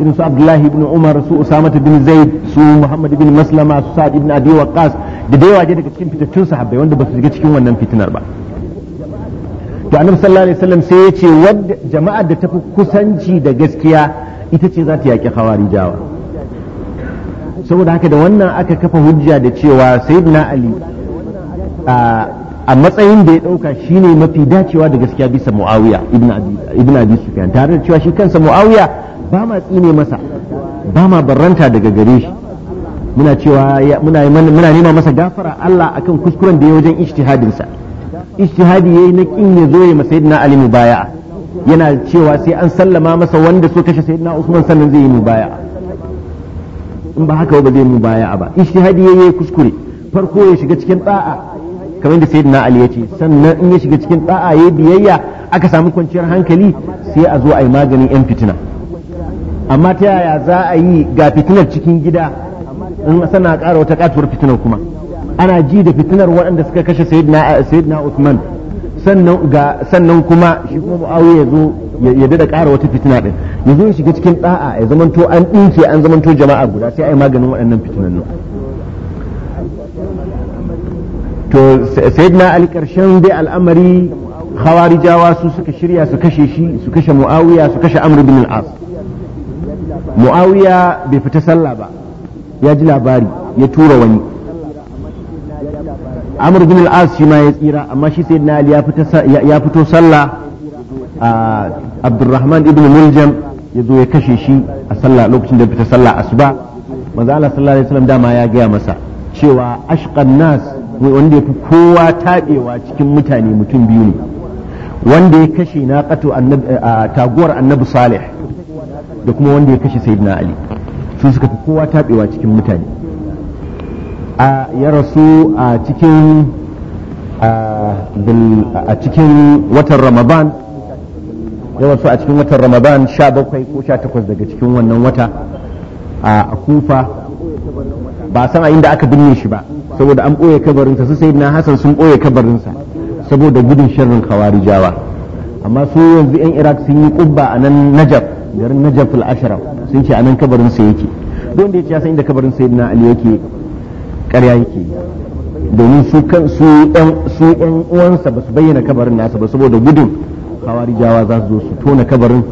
irin su abdullahi ibn umar su usama bin zaid su muhammad ibn maslama su sa'ad ibn abi Waqas da da yawa daga cikin fitattun sahabbai wanda ba su shiga cikin wannan fitinar ba to annabi sallallahu alaihi wasallam sai ya ce wadda jama'ar da tafi kusanci da gaskiya ita ce za ta yaƙi khawarijawa saboda haka da wannan aka kafa hujja da cewa sayyidina ali a matsayin da ya dauka shine mafi dacewa da gaskiya bisa muawiya ibn abi sufyan tare da cewa shi kansa muawiya ba ma tsine masa ba ma barranta daga gare shi muna cewa muna nema masa gafara Allah akan kuskuren da ya wajen ijtihadin sa ijtihadi yayi na kin ya zo ya masa sayyidina ali baya, yana cewa sai an sallama masa wanda so kashe sayyidina usman sannan zai yi mu baya. in ba haka ba zai mu baya ba ishtihadi yayi kuskure farko ya shiga cikin da'a kamar da sayyidina ali ya ce sannan in ya shiga cikin da'a ya biyayya aka samu kwanciyar hankali sai a zo a yi maganin yan fitina amma ta yaya za a yi ga fitinar cikin gida in sana ƙara wata katuwar fitinar kuma ana ji da fitinar waɗanda suka kashe sayyidina usman sannan kuma shi kuma Muawiya ya zo ya dada ƙara wata fitina din ya zo ya shiga cikin da'a ya zamanto an dinke an zamanto jama'a guda sai a yi maganin waɗannan nan to sayyidina ali karshen dai al'amari khawarijawa su suka shirya su kashe shi su kashe muawiya su kashe amr bin al-as muawiya bai fita sallah ba ya ji labari ya tura wani amr bin al-as shi ma ya tsira amma shi sayyidina ali ya fito sallah a abdurrahman ibn muljam ya zo ya kashe shi a sallah lokacin da fita sallah asuba manzo Allah sallallahu alaihi wasallam dama ya gaya masa cewa ashqan nas wanda yafi kowa tabewa cikin mutane mutum biyu ne wanda ya kashe na qatu annabi taguwar annabi salih da kuma wanda ya kashe sayyidina ali su suka fi kowa tabewa cikin mutane a ya rasu a cikin a cikin watan ramadan zama su a cikin watan ramadan sha bakwai ko sha takwas daga cikin wannan wata a kufa ba san a inda aka binne shi ba saboda an ɓoye kabarinsa su sai na hasan sun ɓoye kabarinsa saboda gudun sharrin jawa amma su yanzu yan iraq sun yi kubba a nan najaf garin najaf al sun ce a nan kabarinsa yake don da ya ce ya san inda kabarin na ali yake ƙarya yake domin su su yan uwansa ba su bayyana kabarin nasa ba saboda gudun khawarijawa za su zo su tona kabarin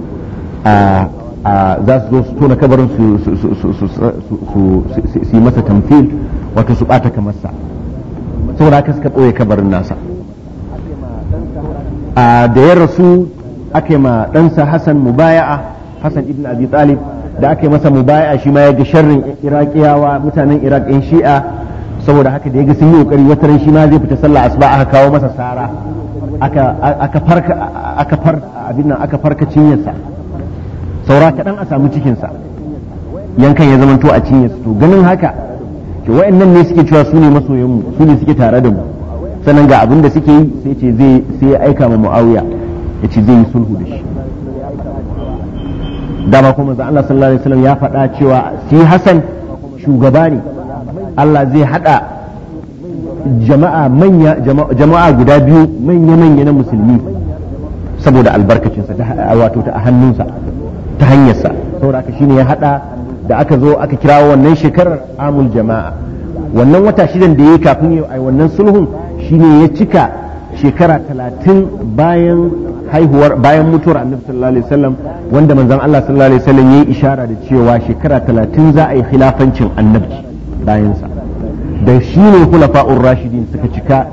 za su zo su tona kabarin su yi masa tamfil wato su bata kamarsa saboda haka suka ɓoye kabarin nasa a da ya rasu aka ma ɗansa hassan mubaya'a hassan ibn abi talib da aka masa mubaya'a shi ma ya ga sharrin Irakiyawa mutanen Irak yan shi'a saboda haka da ya ga sun yi kokari wata ran shi ma zai fita sallah asuba aka kawo masa sara aka farka abin nan aka farka cinyarsa saura kaɗan a samu cikinsa yankan ya zamanto a cinyarsa to ganin haka ke wa'annan ne suke cewa su ne masoyanmu su ne suke tare da mu sannan ga abin da suke yi sai ce zai sai ya aika ma muawiya ya ce zai yi sulhu da shi dama kuma manzo Allah sallallahu alaihi wasallam ya faɗa cewa sai Hassan shugaba ne Allah zai hada jama'a manya jama'a guda biyu manya manya na musulmi saboda albarkacinsa wato ta hannunsa ta hanyarsa saboda aka shine ya hada da aka zo aka kira wannan shekarar amul jama'a wannan wata shidan da ya yi kafin yau ai wannan sulhun shine ya cika shekara talatin bayan haihuwar bayan mutuwar annabi sallallahu alaihi wasallam wanda manzon Allah sallallahu alaihi wasallam ya yi ishara da cewa shekara talatin za a yi khilafancin annabci bayansa da shi ne fa'u'n rashidin suka cika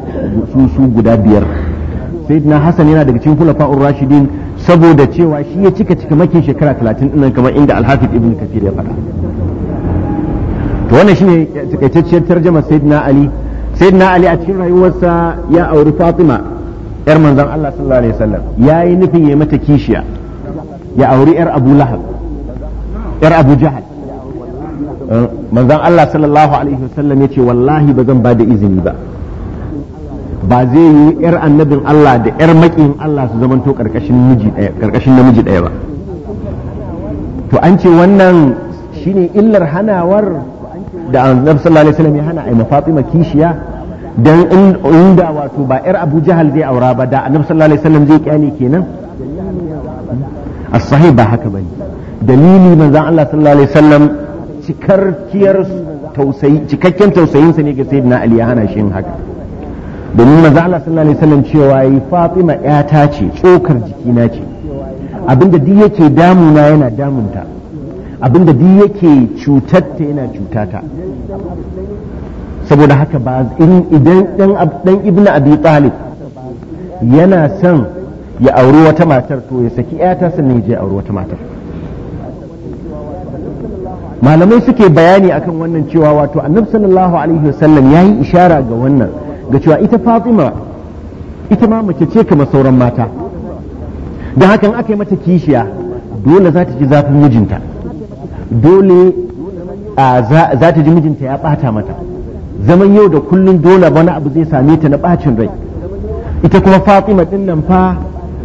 su su guda biyar na hasan yana daga cikin fa'u'n rashidin saboda cewa shi ya cika cika makin shekara 30 dinnan kamar inda alhafi ibn kafir ya faɗa to wannan shine takaitacciyar tarjama sayyidina ali sayyidina ali a cikin rayuwarsa ya auri fatima yar manzon Allah sallallahu alaihi wasallam yayi nufin ya mata kishiya ya auri yar abu lahab yar abu jahal Eh, manzan Allah sallallahu alaihi wasallam ce wallahi ba zan bada izini ba ba zai yi yar annabin Allah da yar makin Allah su zamanto karkashin miji daya karkashin namiji daya ba to an ce wannan shine illar hanawar da annabi sallallahu alaihi wasallam ya hana ai mafatima kishiya dan inda wato ba yar Abu Jahal zai aura ba da annabi sallallahu alaihi wasallam zai kyale kenan hmm? as-sahih ba haka bane dalili manzan Allah sallallahu alaihi wasallam cikakkiyar tausayi cikakken tausayinsa ne ga sayyidina ali ya hana shi yin haka domin manzo Allah sallallahu alaihi wasallam cewa yi Fatima ƴata ce tsokar jikina ce abinda duk yake damuna yana damunta abinda duk yake cutatta yana cutata saboda haka ba idan dan ibnu abi talib yana san ya auri wata matar to ya saki ƴata sannan ya je auri wata matar malamai suke bayani akan wannan cewa wato annabi sallallahu alaihi wasallam ya yi ishara ga wannan ga cewa ita fatima ita ma mace ce kamar sauran mata da hakan aka yi mata kishiya dole za ta ji zafin mijinta dole za ta ji mijinta ya bata mata zaman yau da kullun dole wani abu zai same ta na bacin rai ita kuma fatima din nan fa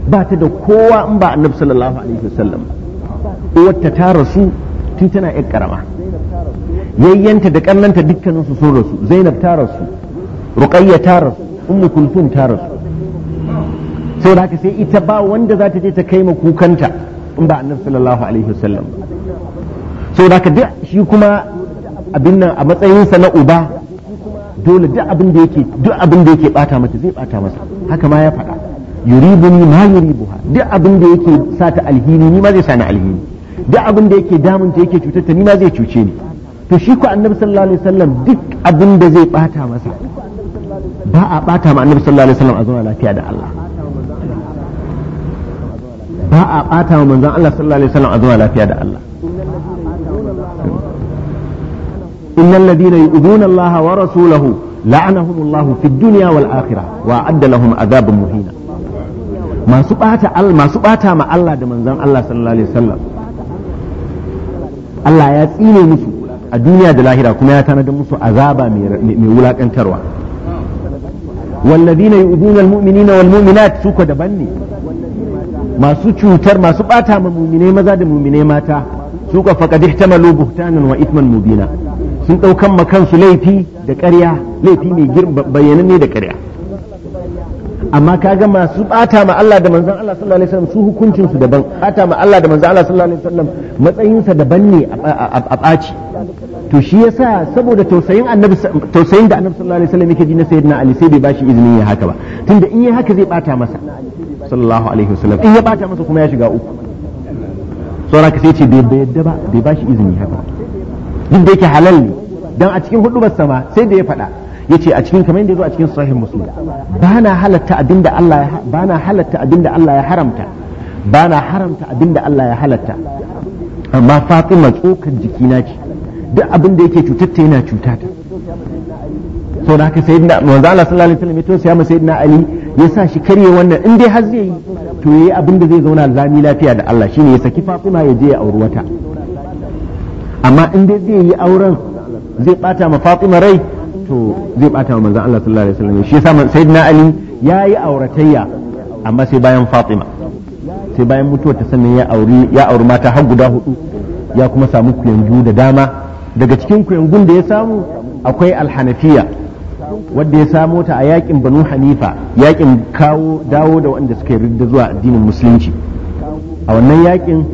ba ta da kowa in ba annabi sallallahu alaihi wasallam uwarta ta rasu tun tana yar karama yayyanta da kannanta dukkanin su sun rasu zainab ta rasu ruqayya ta rasu ummu kulthum ta rasu saboda haka sai ita ba wanda za ta je ta kai ma kukanta in ba annabi sallallahu alaihi wasallam saboda haka duk shi kuma abin nan a sa na uba dole duk abin da yake duk abin da yake bata mata zai bata masa haka ma ya faɗa yuribuni ma yuribuha duk abin da yake sa ta alhini ni ma zai sa ni alhini duk abin da yake ta yake cutar ta nima zai cuce ni to shi ku annabi sallallahu alaihi wasallam duk abin da zai bata masa ba a bata ma annabi sallallahu alaihi wasallam a zauna lafiya da Allah ba a bata ma manzon Allah sallallahu alaihi wasallam a zauna lafiya da Allah innal ladina yu'duna Allah wa rasulahu la'anahum Allah fid dunya wal akhirah wa adda lahum adhaban muhina masu bata al masu bata ma Allah da manzon Allah sallallahu alaihi wasallam Allah ya tsine musu a duniya da lahira kuma ya tanadar musu azaba mai wulakantarwa wallazina yu'duna almu'minina walmu'minat su ko daban ne masu cutar masu bata ma mu'mine maza da mu'mine mata su ko faqad ihtamalu buhtanan wa ithman mubina sun daukan ma kansu laifi da ƙarya laifi mai bayanan ne da ƙarya amma kaga masu bata ma Allah da manzon Allah sallallahu alaihi wasallam su hukuncin su daban bata ma Allah da manzon Allah sallallahu alaihi wasallam matsayin sa daban ne a baci to shi yasa saboda tausayin annabi tausayin da annabi sallallahu alaihi wasallam yake ji na sayyidina Ali sai bai bashi izini ya haka ba tunda in ya haka zai bata masa sallallahu alaihi wasallam in ya bata masa kuma ya shiga uku saura ka sai ce bai yadda ba bai bashi izini haka duk da yake halal ne dan a cikin hudubar sama sai da ya faɗa yace a cikin kamar yadda zo a cikin sahih muslim bana halatta abinda Allah ya bana halatta abinda Allah ya haramta bana haramta abinda Allah ya halatta amma Fatima tsokan jikina ce duk abin da yake cutatta yana cutata so da haka sayyidina manzo Allah sallallahu alaihi wasallam ya tosiya ma sayyidina Ali ya sa shi karye wannan in dai har zai yi to yayi abin da zai zauna zami lafiya da Allah shine ya saki Fatima ya je ya auri wata amma in dai zai yi auren zai bata ma Fatima rai to zai bata wa manzon Allah sallallahu alaihi wasallam shi yasa sayyidina Ali yayi auratayya amma sai bayan Fatima sai bayan mutuwar ta sannan ya auri ya auri mata har guda hudu ya kuma samu kuyangu da dama daga cikin kuyangun da ya samu akwai alhanafiya wanda ya samo ta a yakin banu hanifa yakin kawo dawo da wanda suka yarda zuwa addinin musulunci a wannan yakin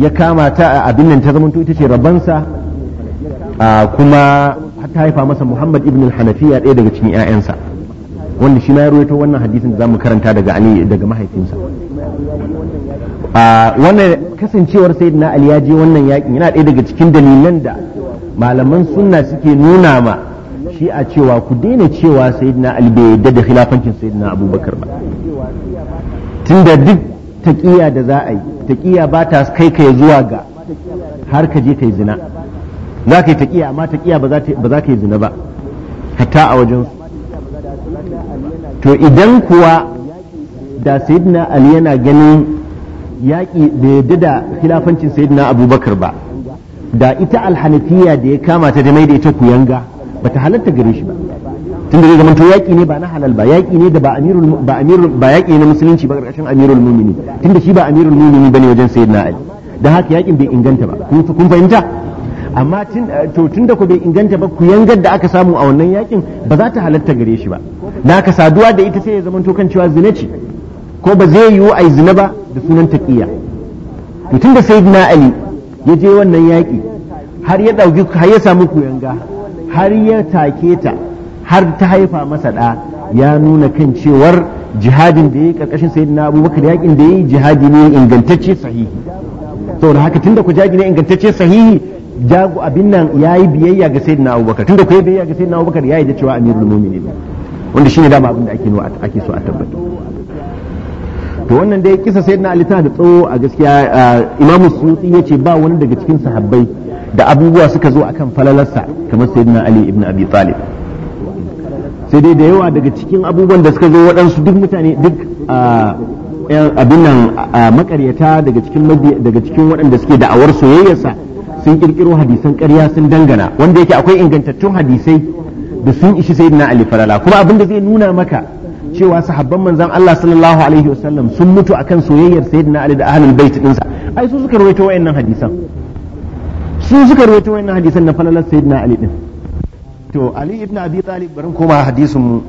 ya kama ta a abin nan ta zamanto ita ce rabansa kuma ta haifa masa Muhammad ibn al-Hanafiya ɗaya daga cikin ƴaƴansa wanda shi ma ya rawaito wannan hadisin da zamu karanta daga Ali daga mahaifinsa wannan kasancewar sayyidina Ali ya je wannan yakin yana ɗaya daga cikin dalilan da malaman sunna suke nuna ma shi a cewa ku daina cewa sayyidina Ali bai yadda da khilafancin sayyidina Abubakar ba tunda duk taqiya da za a yi taqiya ba ta kai kai zuwa ga har ka je kai zina za ka yi taƙiya amma taƙiya ba za ka yi zina ba hatta a wajen to idan kuwa da sayyidina ali yana ganin yaƙi da yadda da khilafancin sayyidina abubakar ba da ita alhanafiya da ya kama ta da mai da ita kuyanga ba ta halatta gare shi ba tunda zai zama to yaƙi ne ba na halal ba yaƙi ne da ba amirul yaƙi na musulunci ba ƙarƙashin amirul tun tunda shi ba amirul ba bane wajen sayyidina ali dan haka yaƙin bai inganta ba kun fahimta amma eh, to tun da ku bai inganta ba ku yangar da aka samu a wannan yakin ba za ta halatta gare shi ba na ka saduwa da ita sai ya zamanta kan cewa zina ce ko ba zai yiwu a yi zina ba da sunan taqiya to tun da na ali ya je wannan yaki har ya dauki har ya samu yanga, har ya take ta har ta haifa masa da ya nuna kan cewar jihadin da yayi karkashin sayyidina abubakar yakin da yayi jihadi ne ingantacce sahihi saboda haka tunda ku jagi ne ingantacce sahihi jago abin nan yayi biyayya ga sayyidina Abubakar tunda kai biyayya ga sayyidina Abubakar yayi da cewa amirul mu'minin wanda shine dama abin da ake ake so a tabbata to wannan dai kisa sayyidina Ali ta da tsawo a gaskiya Imam ya ce ba wani daga cikin sahabbai da abubuwa suka zo a kan falalarsa kamar sayyidina Ali ibn Abi Talib sai dai da yawa daga cikin abubuwan da suka zo waɗansu duk mutane duk abin nan makaryata daga cikin waɗanda suke da'awar soyayyarsa sun kirkiro hadisan ƙarya sun dangana wanda yake akwai ingantattun hadisai da sun ishi sayyidina ali falala kuma abin da zai nuna maka cewa sahabban manzon Allah sallallahu alaihi wasallam sun mutu akan soyayyar sayyidina ali da ahlul bait dinsa ai su suka rawaito wayannan hadisan su suka rawaito wayannan hadisan na falalar sayyidina ali din to ali ibn abi talib barin koma hadisin mu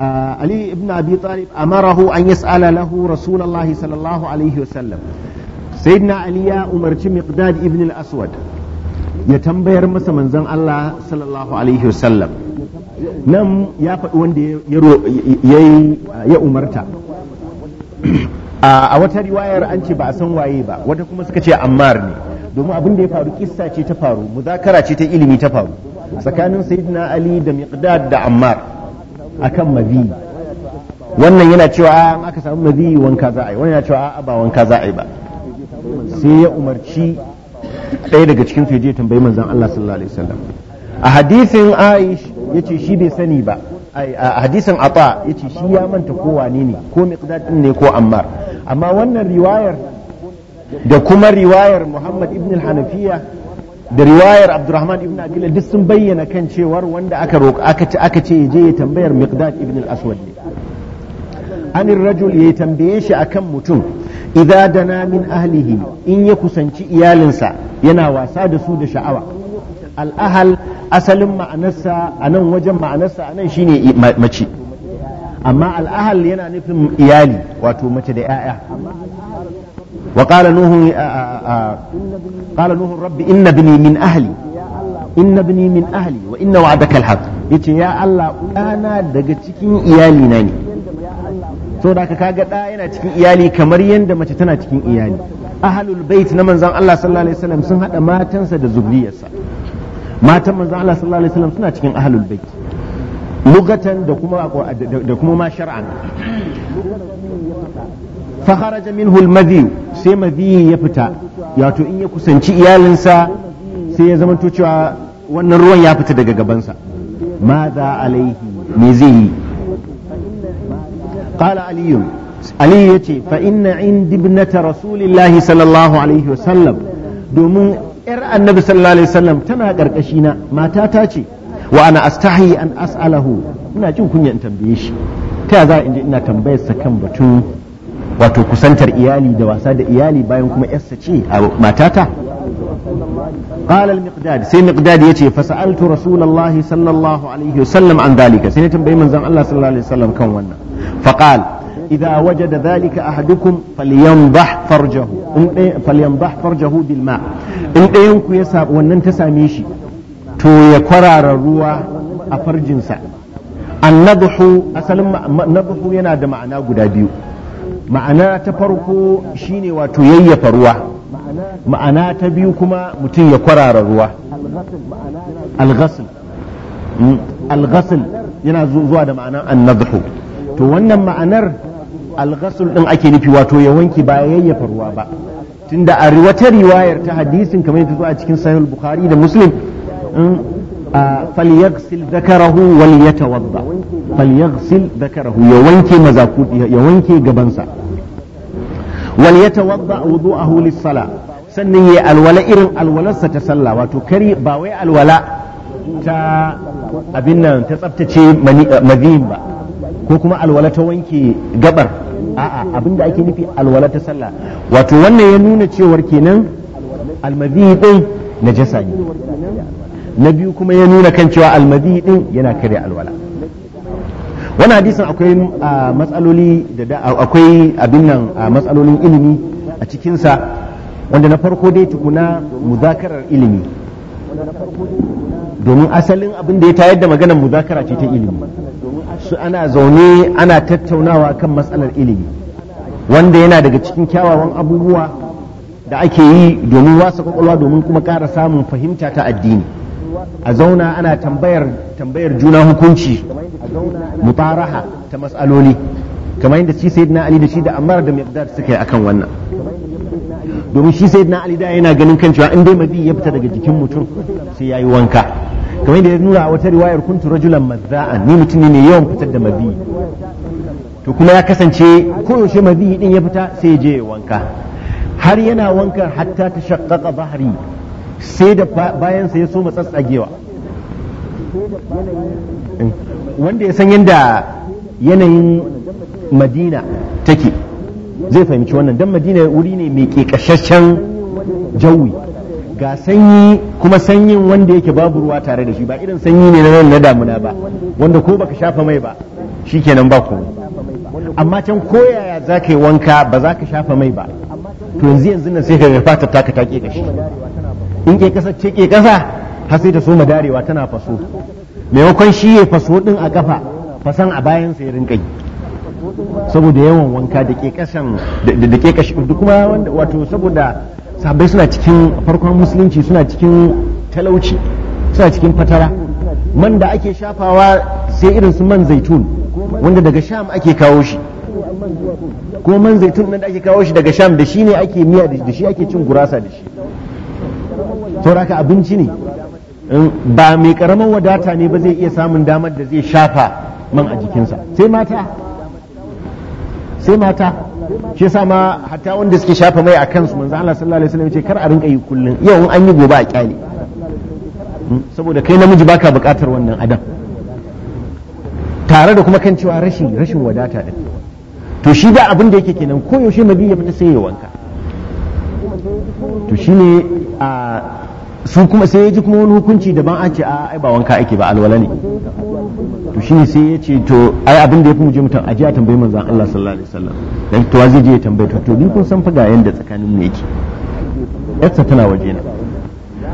ali ibn abi talib amarahu an yas'ala lahu rasulullahi sallallahu alaihi wasallam sayyidina ali ya umarci miqdad ibn al-aswad ya tambayar masa manzon Allah sallallahu alaihi wasallam nan ya faɗi wanda ya umarta a wata riwayar an ce ba a san waye ba wata kuma suka ce ammar ne domin abin da ya faru kissa ce ta faru muzakara ce ta ilimi ta faru tsakanin sayyidina ali da miqdad da ammar akan mazi wannan yana cewa an aka samu mazi wanka za a yi wannan yana cewa a ba wanka za a yi ba sai ya umarci ɗaya daga cikin su je tambayi manzon Allah sallallahu alaihi wasallam a hadisin Aish yace shi bai sani ba a hadisin Ata yace shi ya manta ko wane ne ko Miqdad ne ko Ammar amma wannan riwayar da kuma riwayar Muhammad ibn al-Hanafiya da riwayar Abdurrahman ibn Abdullah duk sun bayyana kan cewar wanda aka roƙa aka ce aka ce je ya tambayar Miqdad ibn al-Aswad ne anin rajul ya tambaye shi akan mutum idza dana min ahlihi in ya kusanci iyalinsa yana wasa da su da sha'awa Al-ahal asalin ma'anarsa a nan wajen ma'anarsa a nan shine mace amma al-ahal yana nufin iyali wato mace da 'ya'ya wa qala nuhu qala nuhu rabbi inna bini min ahli inna bini min ahli wa inna wa'adaka al-haq yace ya Allah daga cikin iyali na ne so da ga da yana cikin iyali kamar yadda mace tana cikin iyali ahlul bait na manzon Allah sallallahu alaihi wasallam sun hada matansa da zuriyarsa matan manzon Allah sallallahu alaihi wasallam suna cikin ahlul bait lugatan da kuma da kuma ma shar'an fa kharaja minhu al sai madhi ya fita wato in ya kusanci iyalinsa sai ya to cewa wannan ruwan ya fita daga gabansa madha alaihi me zai yi قال علي علي يتي فإن عند ابنة رسول الله صلى الله عليه وسلم دومن إر النبي صلى الله عليه وسلم تنا قرقشينا ما تاتاتي وأنا أستحي أن أسأله ina jin kunya in tambaye shi ta za in je ina tambayar sa kan batun wato kusantar iyali da wasa da iyali bayan kuma yarsa ce a matata قال المقداد سي مقداد يتي فسألت رسول الله صلى الله عليه وسلم عن ذلك سي تنبي من زن الله صلى الله عليه وسلم كان wannan فقال إذا waje da أحدكم فلينضح فرجه فلينضح فرجه بالماء إن ɗayanku ya sa wannan ta same shi to ya kwarara ruwa a farjinsa annadhu asalin nadhu yana da ma'ana guda biyu ma'ana ta farko shine wato yayyafa ruwa ma'ana ta biyu kuma mutum ya kwarara ruwa al-ghasl yana zuwa da ma'ana annadhu to wannan ma'anar alghasul din ake nufi wato ya wanke ba yayyafa ruwa ba tunda a wata riwayar ta hadisin kamar yadda a cikin sahih bukhari da muslim falyaghsil dhakarahu wal yatawadda falyaghsil dhakarahu ya wanke mazakuti ya wanke gabansa wal yatawadda wudu'ahu lis-sala sannan yayi alwala irin alwalarsa ta sallah wato kari ba wai alwala ta abin nan ta tsaftace eh, mazihin ba ko kuma alwala ta wanke gabar a'a abinda ake nufi alwala ta sallah wato wannan ya nuna cewar kenan almadhi din najasa ne na biyu kuma ya nuna kan cewa almadhi din yana kare alwala wani hadisan akwai matsaloli da akwai abin nan matsalolin ilimi a cikinsa wanda na farko dai tukuna muzakarar ilimi domin asalin abin da ya tayar da maganar muzakara ce ta ilimi su ana zaune ana tattaunawa kan matsalar ilimi wanda yana daga cikin kyawawan abubuwa da ake yi domin wasa kwakwalwa domin kuma ƙara samun fahimta ta addini a zauna ana tambayar tambayar juna hukunci mutaraha ta matsaloli kamar yadda shi sayyidina ali da shi da amara da miqdad suka yi akan wannan domin shi sayyidina ali da yana ganin kan cewa in dai mabi ya fita daga jikin mutum sai ya yi wanka kamar da ya nuna a wata riwayar kuntu rajulan mazza'an ni mutum ne yawan fitar da mabi to kuma ya kasance koyaushe mabi din ya fita sai ya je ya wanka har yana wanka hatta ta shaqqaqa bahri sai da bayan sa ya so matsatsagewa eh, wanda ya san yadda yanayin madina take zai fahimci wannan dan madina wuri ne mai kekashashen jawi ga sanyi kuma sanyin wanda yake babu ruwa tare da shi ba irin sanyi ne na na damuna ba wanda ko baka shafa mai ba shikenan ba ku amma can koyaya za ka yi wanka ba za ka shafa mai ba to yanzu yanzu nan sai ka ga fatar taka ta ke shi in ke kasa ce ke kasa har sai ta soma darewa tana faso maimakon shi ya faso din a kafa fasan a bayan ya rinka yi saboda yawan wanka da ke kasan da ke kashi kuma wato saboda Sabai suna cikin farkon musulunci suna cikin talauci suna cikin fatara man da ake shafawa sai irin su man zaitun wanda daga sham ake kawo shi ko man zaitun nan da ake kawo shi daga sham da shi ne ake miya da shi ake cin gurasa da shi sauraka abinci ne ba mai karamar wadata ne ba zai iya samun damar da zai shafa man a jikinsa sai mata sai mata shi yasa ma hatta wanda suke shafa mai a kansu manzo Allah sallallahu alaihi wasallam ce kar a rinka yi kullun yau in an yi gobe a kyale hmm, saboda kai namiji baka bukatar wannan adam tare da kuma kan cewa rashin rashin wadata din to shi da abin da yake kenan koyaushe yaushe nabi ya fita sai ya wanka to shine a su kuma sai ya ji kuma wani hukunci daban a ce a ai ba wanka ake ba alwala ne to shine sai ya ce to ai abin da ya fi mu je mutum aje a tambayi manzon Allah sallallahu alaihi wasallam dan to zai je ya tambaye to ni kun san fa ga yanda tsakanin mu yake yatsa tana waje na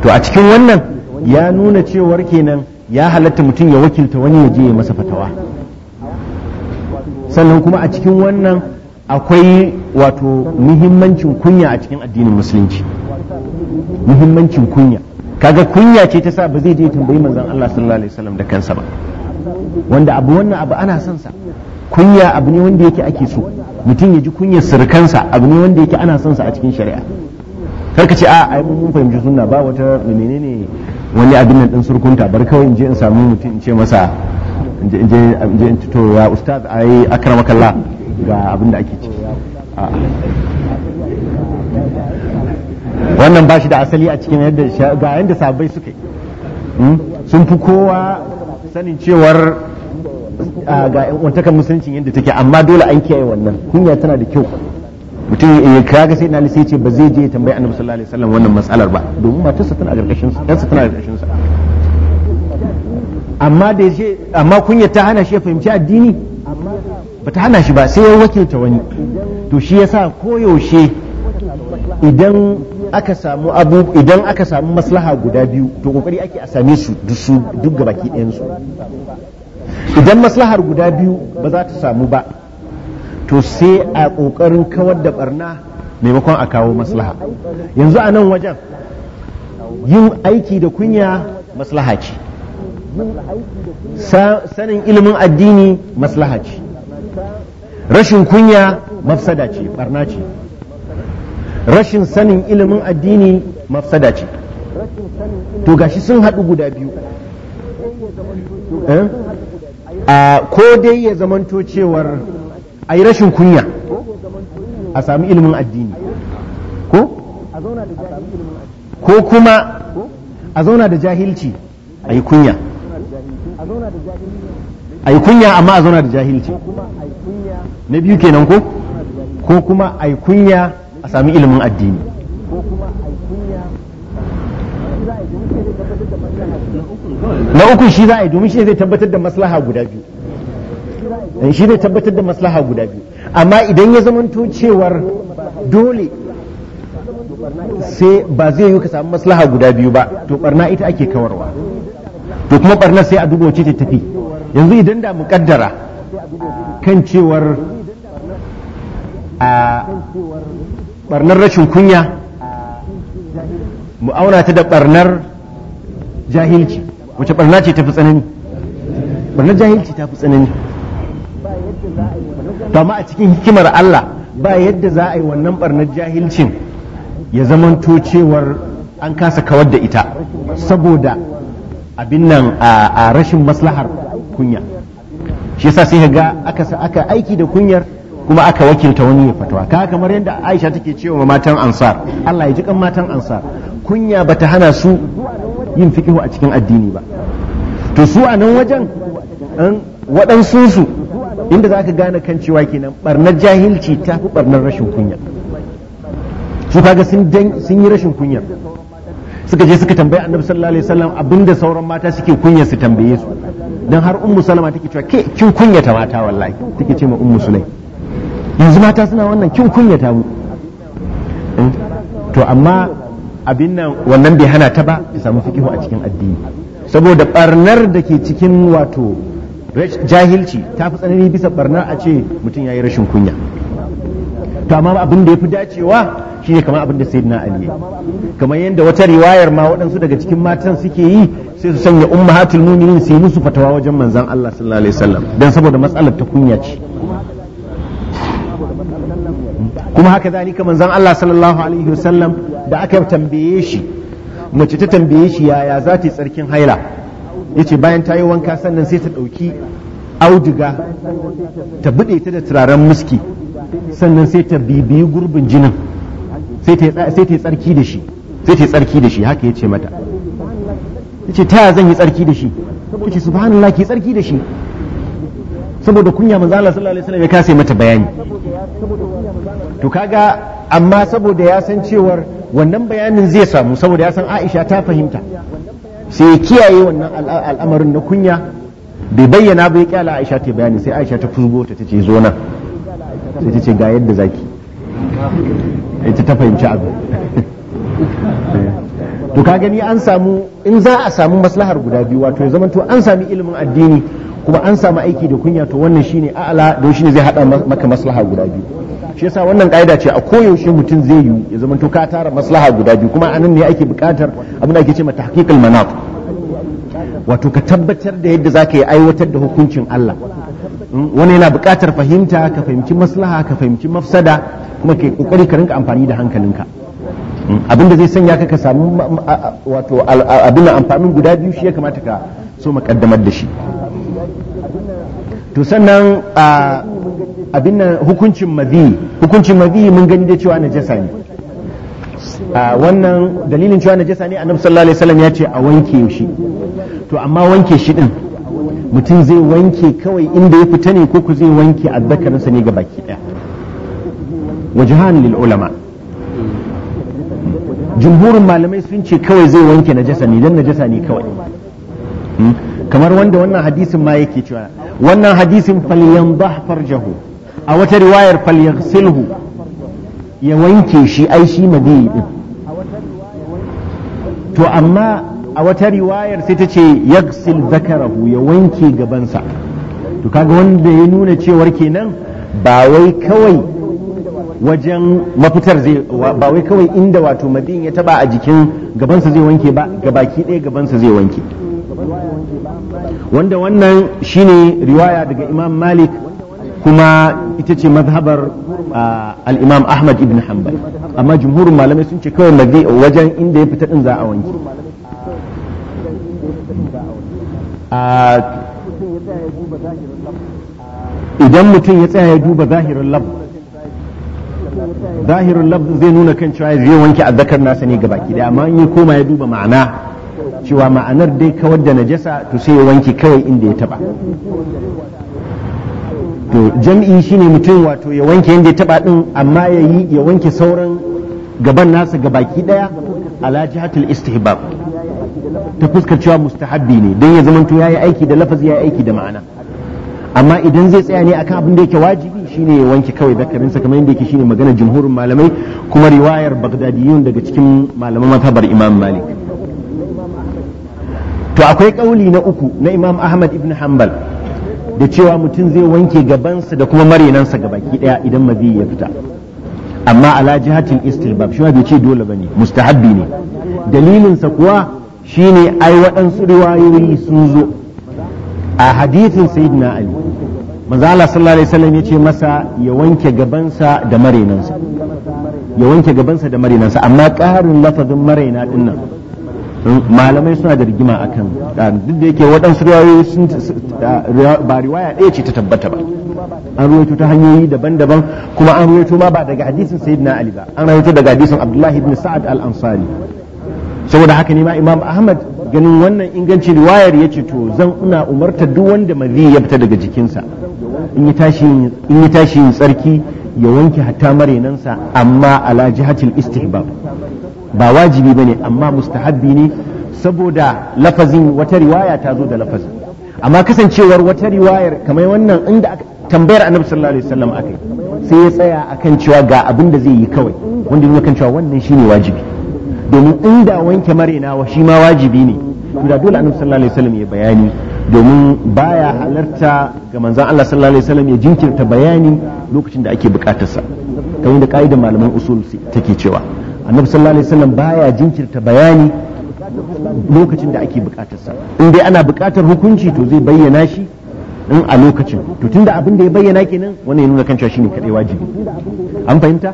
to a cikin wannan ya nuna cewar kenan ya halatta mutum ya wakilta wani ya je ya masa fatawa sannan kuma a cikin wannan akwai wato muhimmancin kunya a cikin addinin musulunci muhimmancin kunya kaga kunya ce ta sa ba zai je tambayi manzon Allah sallallahu alaihi wasallam da kansa ba wanda abu wannan abu ana son sa kunya abu ne wanda yake ake so mutum ya ji kunyar sirkansa abu ne wanda yake ana son sa a cikin shari'a kar ka ce a ai mun fahimci sunna ba wata menene wani abin nan din surkunta bar kawai in je in samu mutum in ce masa in je in je to ya ustaz ai akramakallah ga abin da ake ciki wannan ba shi da asali a cikin yadda ga yadda sabai suka yi hmm? sun fi kowa sanin cewar ga wantakan musuluncin yadda take amma dole an kiyaye wannan kunya tana da kyau mutum ya kaga sai na sai ce ba zai je ya tambayi annabi sallallahu alaihi wasallam wannan matsalar ba domin matarsa tana a karkashin sa kansa tana a karkashin sa amma da yace amma kunya ta hana shi ya fahimci addini ba ta hana shi ba sai ya wakilta wani to shi yasa koyaushe idan aka samu abu idan aka samu maslaha guda biyu to kokari ake a same su duk ga baki ɗayan su idan maslahar guda biyu ba za ta samu ba to sai a kokarin kawar da barna maimakon a kawo maslaha yanzu a nan wajen yin aiki da kunya maslaha ce sanin ilimin addini maslaha ce rashin kunya mafsada ce barna ce rashin sanin ilimin addini mafsada ce to gashi sun haɗu guda biyu eh? ko dai ya zamanto cewar a yi rashin kunya a sami ilimin addini ko? ko kuma a zauna da jahilci a yi kunya a yi kunya amma a zauna da jahilci na biyu kenan ko? ko kuma a yi kunya a sami ilimin addini na uku shi za a yi domin shi zai tabbatar da maslaha guda biyu eh, shi zai tabbatar da maslaha guda biyu amma idan ya zamanto cewar dole sai ba zai yi ka samu maslaha guda biyu ba to barna ita ake kawarwa to kuma barna sai a dubo wacce ta tafi yanzu idan da mu kaddara kan cewar a ah, barnar rashin kunya mu auna ta da barnar jahilci wace barna ce ta tafi tsanani barnar jahilci ta fi tsanani ba ma a cikin hikimar Allah ba yadda za a yi wannan barnar jahilcin ya zama cewar an kasa kawar da ita saboda abin nan a rashin maslahar kunya shi yasa sai ga aka aiki da kunyar kuma aka wakilta wani ya fatawa ka kamar yadda aisha take cewa matan ansar allah ya ji kan matan ansar kunya bata hana su yin fikihu a cikin addini ba to su a nan wajen waɗansu su inda za ka gane kan cewa kenan barnar jahilci ta fi barnar rashin kunya su kaga sun yi rashin kunya suka je suka tambayi annabi sallallahu alaihi wasallam abinda sauran mata suke kunya su tambaye su dan har ummu salama take cewa ke kin ta mata wallahi take ce ma ummu sulaim yanzu mata suna wannan kin kunyata mu eh, to amma abin nan wannan bai hana ta ba ta samu fikihu a cikin addini saboda barnar da ke cikin wato jahilci ta fi tsanani bisa barnar a ce mutum ya yi rashin kunya to amma abin da ya fi dacewa shi ne kamar abin da sayyidina ali kamar yadda wata riwayar ma waɗansu daga cikin matan suke yi sai su sanya ummahatul muminin su yi musu fatawa wajen manzon Allah sallallahu alaihi wasallam dan saboda matsalar ta kunya ce kuma haka zalika manzon Allah sallallahu alaihi wasallam da aka tambaye shi mace ta tambaye shi yaya za ta yi tsarkin haila yace bayan ta yi wanka sannan sai ta ɗauki auduga ta buɗe ta da turaren muski sannan sai ta bibiyi gurbin jinin sai ta yi tsarki da shi sai ta tsarki da shi haka yace mata yace ta zan yi tsarki da shi yace subhanallah ki tsarki da shi saboda kunya manzo Allah sallallahu alaihi wasallam ya kasa mata bayani to kaga amma saboda ya san cewar wannan bayanin zai samu saboda ya san aisha ta fahimta sai ya kiyaye wannan al'amarin na kunya bai bayyana ba ya kyala aisha ta bayani sai aisha ta fusgo ta ce zo nan sai ta ce ga yadda zaki ita ta fahimci abu to ka gani an samu in za a samu maslahar guda biyu wato ya zama to an sami ilimin addini kuma an samu aiki da kunya to wannan shine a'ala don shine zai hada maka maslaha guda biyu shi yasa wannan ka'ida ce a koyaushe mutum zai yi ya zama to ka tara maslaha guda biyu kuma anan ne ake bukatar abin da ake ce ma tahqiqul manat wato ka tabbatar da yadda zaka yi aiwatar da hukuncin Allah hmm, wani yana bukatar fahimta ka fahimci maslaha ka fahimci mafsada kuma kai kokari ka rinka amfani da hankalinka Abin da zai sanya ka ka samu wato abin amfanin guda biyu shi ya kamata ka so makaddamar da shi to sannan abin nan hukuncin mazi hukuncin mazi mun gani da cewa najasa ne wannan dalilin cewa najasa ne annabi sallallahu alaihi wasallam ya ce a wanke shi to amma wanke shi din mutum zai wanke kawai inda ya fita ne ko ku zai wanke azzakarinsa ne ga baki daya wajahan lil ulama jumhurin malamai sun ce kawai zai wanke najasa ne dan najasa ne kawai hmm? kamar wanda wannan hadisin ma yake cewa wannan hadisin falyandah farjahu a wata riwayar falyaghsilhu ya wanke shi ai shi madiyi din to amma a wata riwayar sai ta ce yagsil zakarahu ya wanke gabansa to kaga wanda ya nuna cewar kenan ba wai kawai wajen mafitar zai ba wai kawai inda wato madin ya taba a jikin gabansa zai wanke ba gabaki ɗaya gabansa zai wanke wanda wannan shine riwaya daga imam malik kuma ita ce mazhabar al-imam ahmad ibn hanbal amma jumhurin malamai sun ce kawai wajen inda ya fita din za a wanke idan mutum ya tsaya ya duba zahirin lab zahirin lafz zai nuna kan cewa zai wanke azzakar nasa ne gabaki daya amma in ya koma ya duba ma'ana cewa ma'anar dai kawar da najasa to sai ya wanke kawai inda ya taba to jam'i shine mutum wato ya wanke inda ya taba din amma ya yi ya wanke sauran gaban nasa gabaki daya ala jihatul istihbab ta fuskar cewa mustahabbi ne don ya zamanto yi aiki da lafazi yayi aiki da ma'ana amma idan zai tsaya ne akan abin da yake wajibi shine ya wanke kawai zakarinsa kamar yadda yake shine magana jumhurin malamai kuma riwayar bagdadiyun daga cikin malaman matabar imam malik to akwai kauli na uku na imam ahmad ibn hanbal da cewa mutum zai wanke gabansa da kuma marinansa gabaki daya idan mazi ya fita amma ala jihatin istilbab shi bai ce dole ba ne mustahabbi ne dalilinsa kuwa shine ai waɗansu riwayoyi sun zo a hadithin sayyidina ali manzo Allah sallallahu alaihi wasallam yace masa ya wanke gabansa da marainansa ya wanke gabansa da amma ƙarin lafazin maraina din nan hmm, malamai suna da rigima akan ah, duk da yake waɗansu riwayoyi sun ah, ba riwaya ɗaya ce ta tabbata ba an ruwaito ta hanyoyi daban-daban kuma an ruwaito ma ba daga hadisin sayyidina ali ba an ruwaito daga hadisin abdullahi ibn sa'ad al-ansari saboda haka ne ma imam ahmad ganin wannan inganci riwayar ya ce to zan ina umarta duk wanda mazi ya fita daga jikinsa in yi tashi yin tsarki ya wanke hatta marinansa amma ala jihatil istihbab ba wajibi ba ne amma mustahabbi ne saboda lafazin wata riwaya ta zo da lafazin amma kasancewar wata riwayar kamar wannan inda tambayar annabi sallallahu alaihi wasallam akai sai ya tsaya akan cewa ga abin da zai yi kawai wanda ya kan cewa wannan shine wajibi domin inda wanke wa shi ma wajibi ne da dole annabi sallallahu alaihi wasallam ya bayani domin baya halarta ga manzon Allah sallallahu alaihi wasallam ya jinkirta bayani lokacin da ake sa ta yadda ka'idar malaman usul take cewa annabi sallallahu alaihi wasallam baya jinkirta bayani lokacin da ake sa in dai ana bukatar hukunci to zai bayyana shi in a lokacin to tunda abin da ya bayyana kenan wannan ya nuna kan cewa shine kadai wajibi an fahimta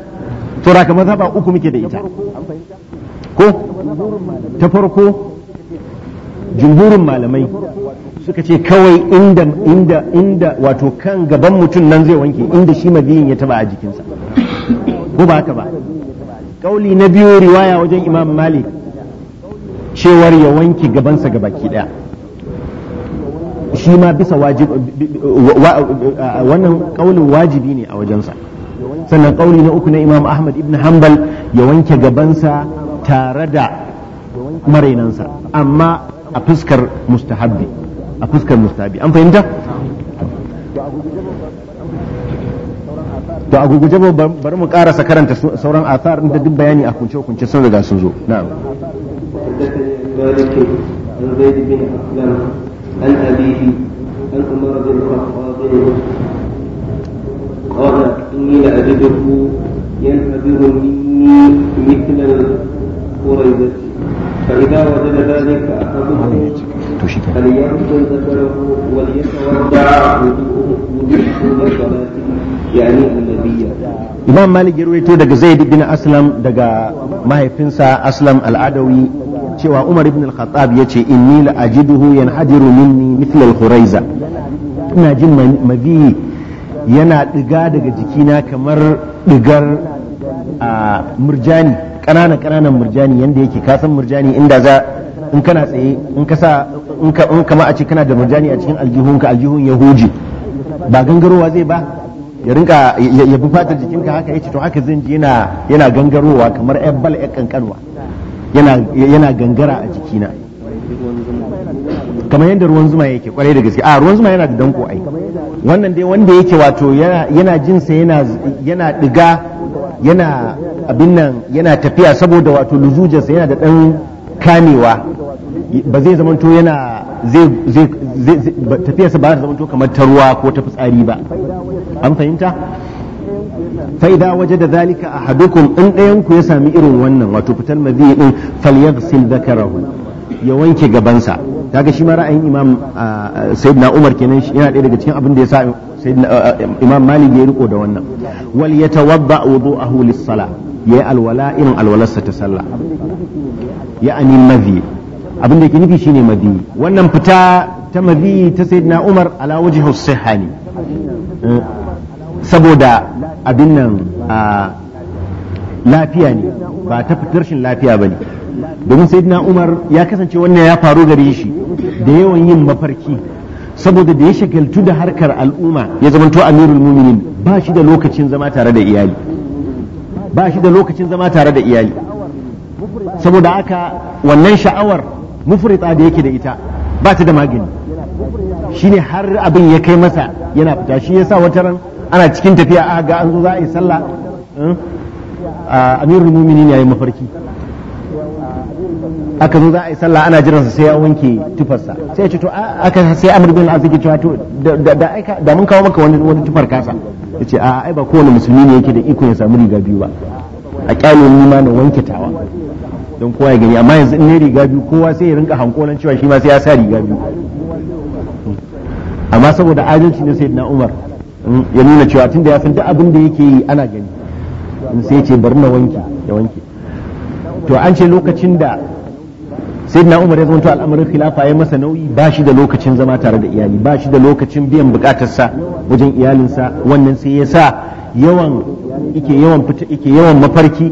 to saura kamar zaba uku muke da ita ko ta farko jumhurin malamai suka ce kawai inda inda inda wato kan gaban mutum nan zai wanke inda shi mabiyin ya taba a jikinsa ko ba haka ba kauli na biyu riwaya wajen imam malik cewar ya wanke gabansa gabaki daya shi ma bisa wannan kaulin wajibi ne a wajensa sannan kauli na uku na imam ahmad ibn hanbal ya wanke gabansa tare da marainansa amma a fuskar mustahabbi a fuskar mustahabbi an fahimta to a guguje bari mu karasa karanta sauran athar da duk bayani a kunce kunce sun riga sun zo na'am عن أبيه عن عمر بن الخطاب قال إني لأجده ينهدر مني مثل Imam Malik ya ruwaito daga Zaid bin Aslam daga mahaifinsa Aslam al-Adawi cewa Umar ibn al-Khattab yace inni la ajiduhu minni mithla al-khuraiza ina jin mabi yana diga daga jikina kamar digar murjani ƙananan ƙananan murjani yanda yake ka san murjani inda za in kana tsaye in ka sa in ka in kama a ce kana da murjani a cikin aljihun ka aljihun yahuji ba gangarowa zai ba ya rinka ya bi fatar jikinka haka yace to haka zan ji yana yana gangarowa kamar ɗan bal ɗan kankanwa yana yana gangara a jikina kamar yadda ruwan zuma yake kwarai da gaske a ruwan zuma yana da danko ai wannan dai wanda yake wato yana jinsa yana diga yana abin nan yana tafiya saboda wato luzujarsa yana da ɗan kamewa ba zai zamanto yana zai tafiyarsa ba ta zamanto kamar ta ruwa ko ta fitsari ba an fahimta faida waje da zalika a hadukum in ɗayanku ya sami irin wannan wato fitar mazi din falyaghsil ya wanke gabansa kaga shi ma ra'ayin imam sayyidina umar kenan shi yana daya daga cikin abin da ya sa imam malik ya riko da wannan wal yatawadda wudu'ahu lis-salah yi alwala irin alwalarsa ta sallah ya'ani madhi abin da ke nufi shine madhi wannan fita ta madhi ta sayyidina umar ala wajhi as-sihha saboda abin nan lafiya ne ba ta fitar shin lafiya bane domin sayyidina umar ya kasance wannan ya faru gare shi da yawan yin mafarki saboda da ya shagaltu da harkar al'umma ya zamanto amirul muminin ba shi da lokacin zama tare da iyali ba shi da lokacin zama tare da iyali saboda aka wannan sha'awar mufrita da yake da ita ba ta da magani shine har abin ya kai masa yana fita shi yasa wata ran ana cikin tafiya a ga an zo za a yi sallah eh? ah, amirul muminin yi mafarki aka zo za a yi sallah ana jiransa sai ya wanke tufarsa sai ya ce to aka sai amir bin aziz cewa to da mun kawo maka wani wani tufar kasa ya ce a ai ba kowane musulmi ne yake da iko ya samu riga biyu ba a kyale ni ma na wanke tawa don kowa ya gani amma yanzu in ne riga biyu kowa sai ya rinka hankolan cewa shi ma sai ya sa riga biyu amma saboda adalci ne sai na umar mm, ya nuna cewa tunda ya san duk abin da yake yi ana gani sai ce bari na wanke ya wanke to an ce lokacin da sayyidina umar ya zama al'amarin khilafa ya masa nauyi ba shi da lokacin zama tare da iyali ba shi da lokacin biyan bukatarsa wajen iyalinsa wannan sai ya sa yawan ike yawan fita ike yawan mafarki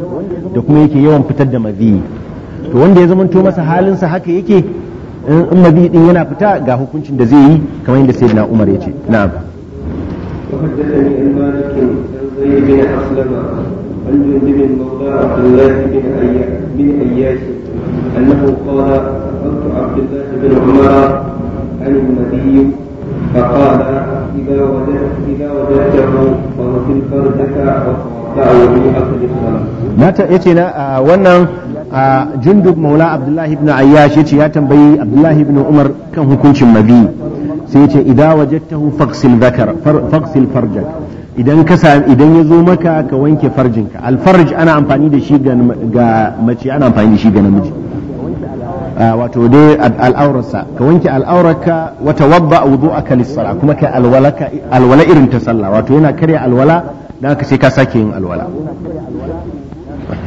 da kuma yake yawan fitar da mazi to wanda ya zamanto masa halinsa haka yake in mazi din yana fita ga hukuncin da zai yi kamar yadda sayyidina umar ya ce na'am عن عبد الله بن أنه قال أخبرت عبد الله بن عمر عن النبي فقال إذا وجدت إذا وجدته فاغسل فردك mata yace na wannan jundub maula abdullahi ibn ayyash yace ya tambayi abdullahi ibn umar kan hukuncin mabi sai yace idza wajadtahu faqsil dhakar faqsil farjak idan ka idan ya zo maka ka wanke farjinka alfarj ana amfani da shi ga mace ana amfani da shi ga namiji ah, wato dai al'aurarsa ka wanke al'aurarka wata wadda a wudu a kalissara kuma ka alwala irin ta sallah wato yana karya alwala da ka sai ka sake yin alwala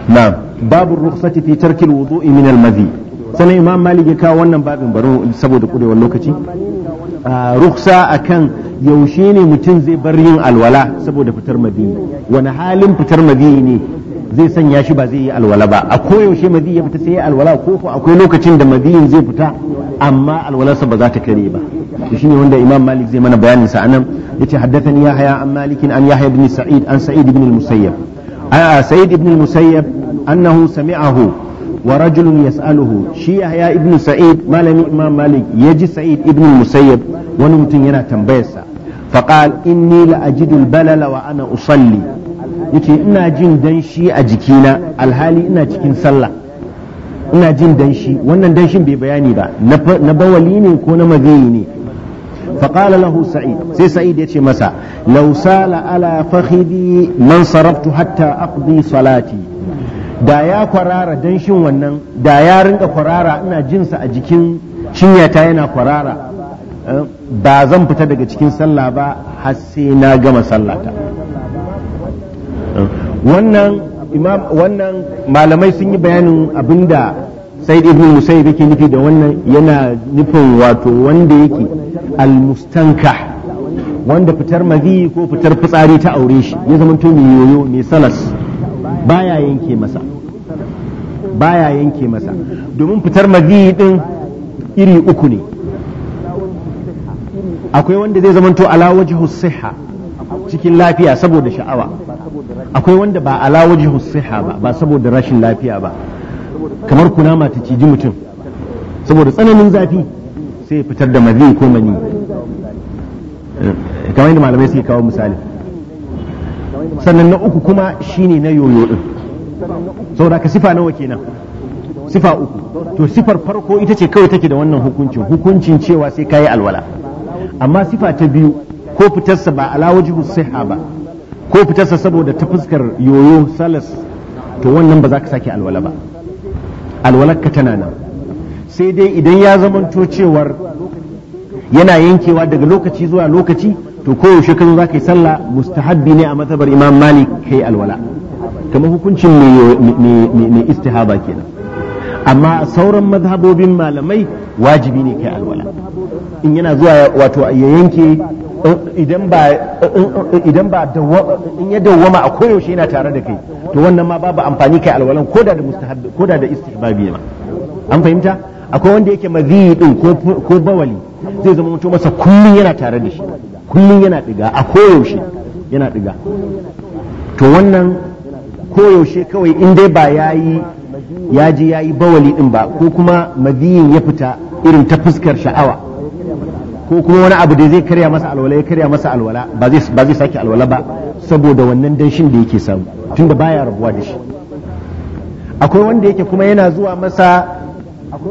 na babu rukhsati fi tarkil wudu'i min al-madhi sanan imam malik ya kawo wannan babin baro saboda kurewar lokaci ah, rukhsa akan yaushe ne mutum zai bar yin alwala saboda fitar madini wani halin fitar madini ne zai sanya shi ba zai yi alwala ba a koyaushe madini ya fita sai ya alwala ko ko akwai lokacin da madini zai fita amma alwalarsa ba za ta kare ba to shine wanda imam malik zai mana bayanin sa anan yace haddathani ya haya an malikin an yahya ibn sa'id an sa'id ibn al-musayyab a sa'id ibn al-musayyab annahu sami'ahu wa rajulun yas'aluhu shi yahya ibn sa'id malami imam malik yaji sa'id ibn al-musayyab wani mutum yana tambayarsa فقال إني لأجد البلل وأنا أصلي yace ina jin danshi a jikina alhali ina cikin sallah ina jin danshi wannan danshin bai bayani ba na bawali ne ko na magayi ne faqala lahu sa'id sai sa'id yace masa law sala ala fakhidi man saraftu hatta aqdi salati da ya kwarara danshin wannan da ya rinka kwarara ina jinsa a jikin cinyata yana kwarara ba zan fita daga cikin sallah ba har sai na gama sallata wannan imam wannan malamai sun yi bayanin abinda said ibn musayyib yake nufi da wannan yana nufin wato wanda yake almustanka wanda fitar mazi ko fitar fitsari ta aure shi ya zama to mai yoyo mai salas baya yanke masa baya yanke masa domin fitar mazi din iri uku ne akwai wanda zai zamanto ala wajhu siha cikin lafiya saboda sha'awa akwai wanda ba ala wajhu siha ba ba saboda rashin lafiya ba kamar kunama ta ciji mutum saboda tsananin zafi sai ya fitar da mazi ko mani eh, kamar yadda malamai suke kawo misali sannan na uku kuma shine na yoyo din saboda ka sifa nawa kenan sifa uku to sifar farko ita ce kawai take da wannan hukuncin hukuncin cewa sai kayi alwala amma sifa ta biyu ko fitarsa ba ala siha ba ko fitarsa saboda ta fuskar yoyo salas to wannan ba za ka sake alwala ba alwalaka tana nan sai dai idan ya zamanto cewar yana yankewa daga lokaci zuwa lokaci to koyaushe ka zo za ka yi sallah mustahabbi ne a matsabar imam malik kai alwala kamar hukuncin mai istihaba kenan amma sauran mazhabobin malamai wajibi ne kai alwala in yana zuwa wato ya yanke idan ba in ya dawwama a koyaushe yana tare da kai to wannan ma babu amfani kai alwalan koda da mustahab koda da istihbabi ma an fahimta akwai wanda yake mazidin ko bawali zai zama mutum masa kullum yana tare da shi kullum yana diga a koyaushe yana diga to wannan koyaushe kawai in dai ba yayi ya je ya yi bawali din ba ko kuma mabiyin ya fita irin ta fuskar sha'awa ko kuma wani abu da zai karya masa alwala ya karya masa alwala ba zai sake alwala ba saboda wannan danshin da yake samu tun tunda baya rabuwa da shi akwai wanda yake kuma yana zuwa masa